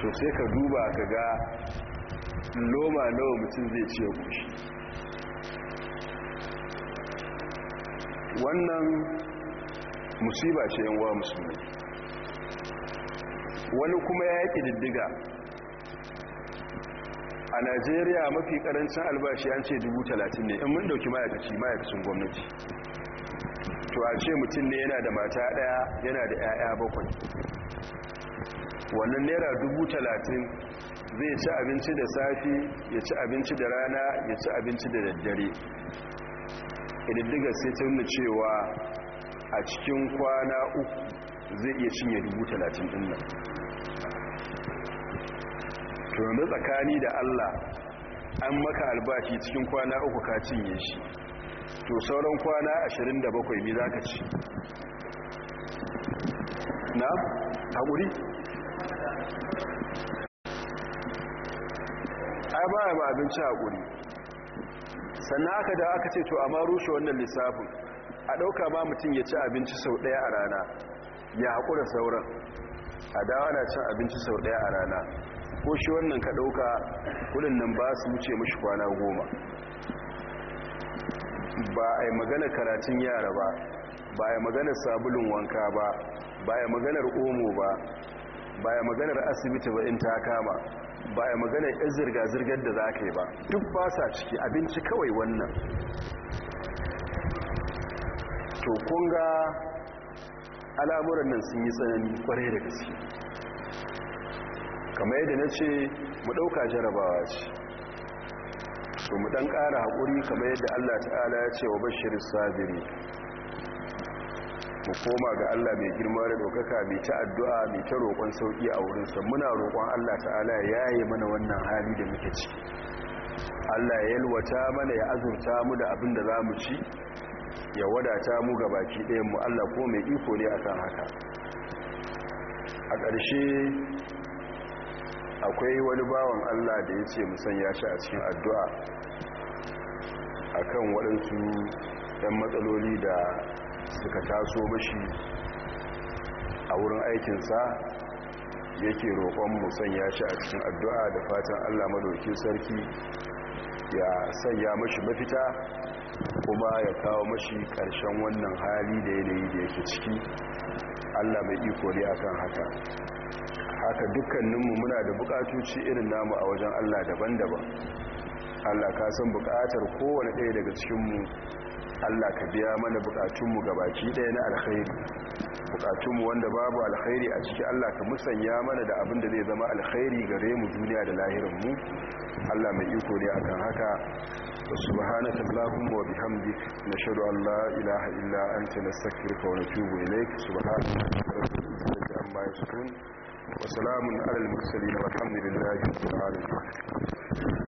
to sai ka duba ka ga loma nawa mutum zai ce kushi wannan musiba ce yan wa musulmi wani kuma ya yi diddiga a najeriya mafi karancin albashi an ce talatin ne in mun dauki ma'aikaci ma'aikacin gwamnati to a ce mutum ne yana da mata daya yana da 'ya'ya bakwai wannan naira dubu talatin zai ci abinci da safi ya ci abinci da rana ya ci abinci da daddare ƙididdiga sai ta nuna cewa a cikin kwana uku zai iya cinye dubu talatin ɗin nan to tsakani da allah an maka albashi cikin kwana uku ka cinye shi to sauran kwana 27 mi za ka ci na haƙuri ai ba ya ba abinci haƙuri sannan aka da aka ce to amma rushe wannan lissafin a ɗauka ma mutum ya ci abinci sau ɗaya a rana ya haƙura sauran a dawa na cin abinci sau ɗaya a rana ko shi wannan ka ɗauka kudin nan ba su wuce mashi kwana goma ba a yi maganar karatun yara ba ba a yi maganar sabulun wanka ba ba a yi maganar omo ba ba a yi maganar asibiti ba in ta kama ba a yi maganar yan zirga-zirgar da za ka yi ba duk ba sa ciki abinci kawai wannan to ga al'amuran nan sun yi tsanani kwarai da gaske kamar yadda na ce mu ɗauka jarabawa ce to mu dan ƙara haƙuri kamar yadda Allah ta'ala ya ce wa bashirin sabiri mu koma ga Allah mai girma da ɗaukaka mai ta addu'a mai ta roƙon sauƙi a wurinsa muna roƙon Allah ta'ala ya yaye mana wannan hali da muke ci. Allah ya yalwata mana ya azurta mu da abin da za mu ci ya wadata mu ga baki mu Allah ko mai iko ne akan haka a ƙarshe akwai wani bawan Allah da ya ce musan ya shi a cikin addu'a akan waɗansu 'yan matsaloli da suka taso mashi a wurin aikinsa yake roƙon musan ya shi a cikin addu'a da fatan allah madaukin sarki ya sanya mashi mafita kuma ya kawo mashi ƙarshen wannan hali da yanayi da yake ciki allah mai iko ne akan haka haka dukkaninmu muna da bukatoci irin namu a wajen allah daban-daban allah ka san bukatar kowane ɗaya daga cikinmu allah ka biya mana bukatunmu ga baki ɗaya na alkhairi bukatunmu wanda babu alkhairi a ciki allah ka musanya mana da abin da zai zama alkhairi gare mu duniya da lahirinmu allah mai iko ne kan haka subhanaka allahumma wa bihamdik nashhadu an la ilaha illa anta nastaghfiruka wa natubu ilayk subhanaka rabbil izzati amma wa salamun alal mursalin walhamdulillahi rabbil alamin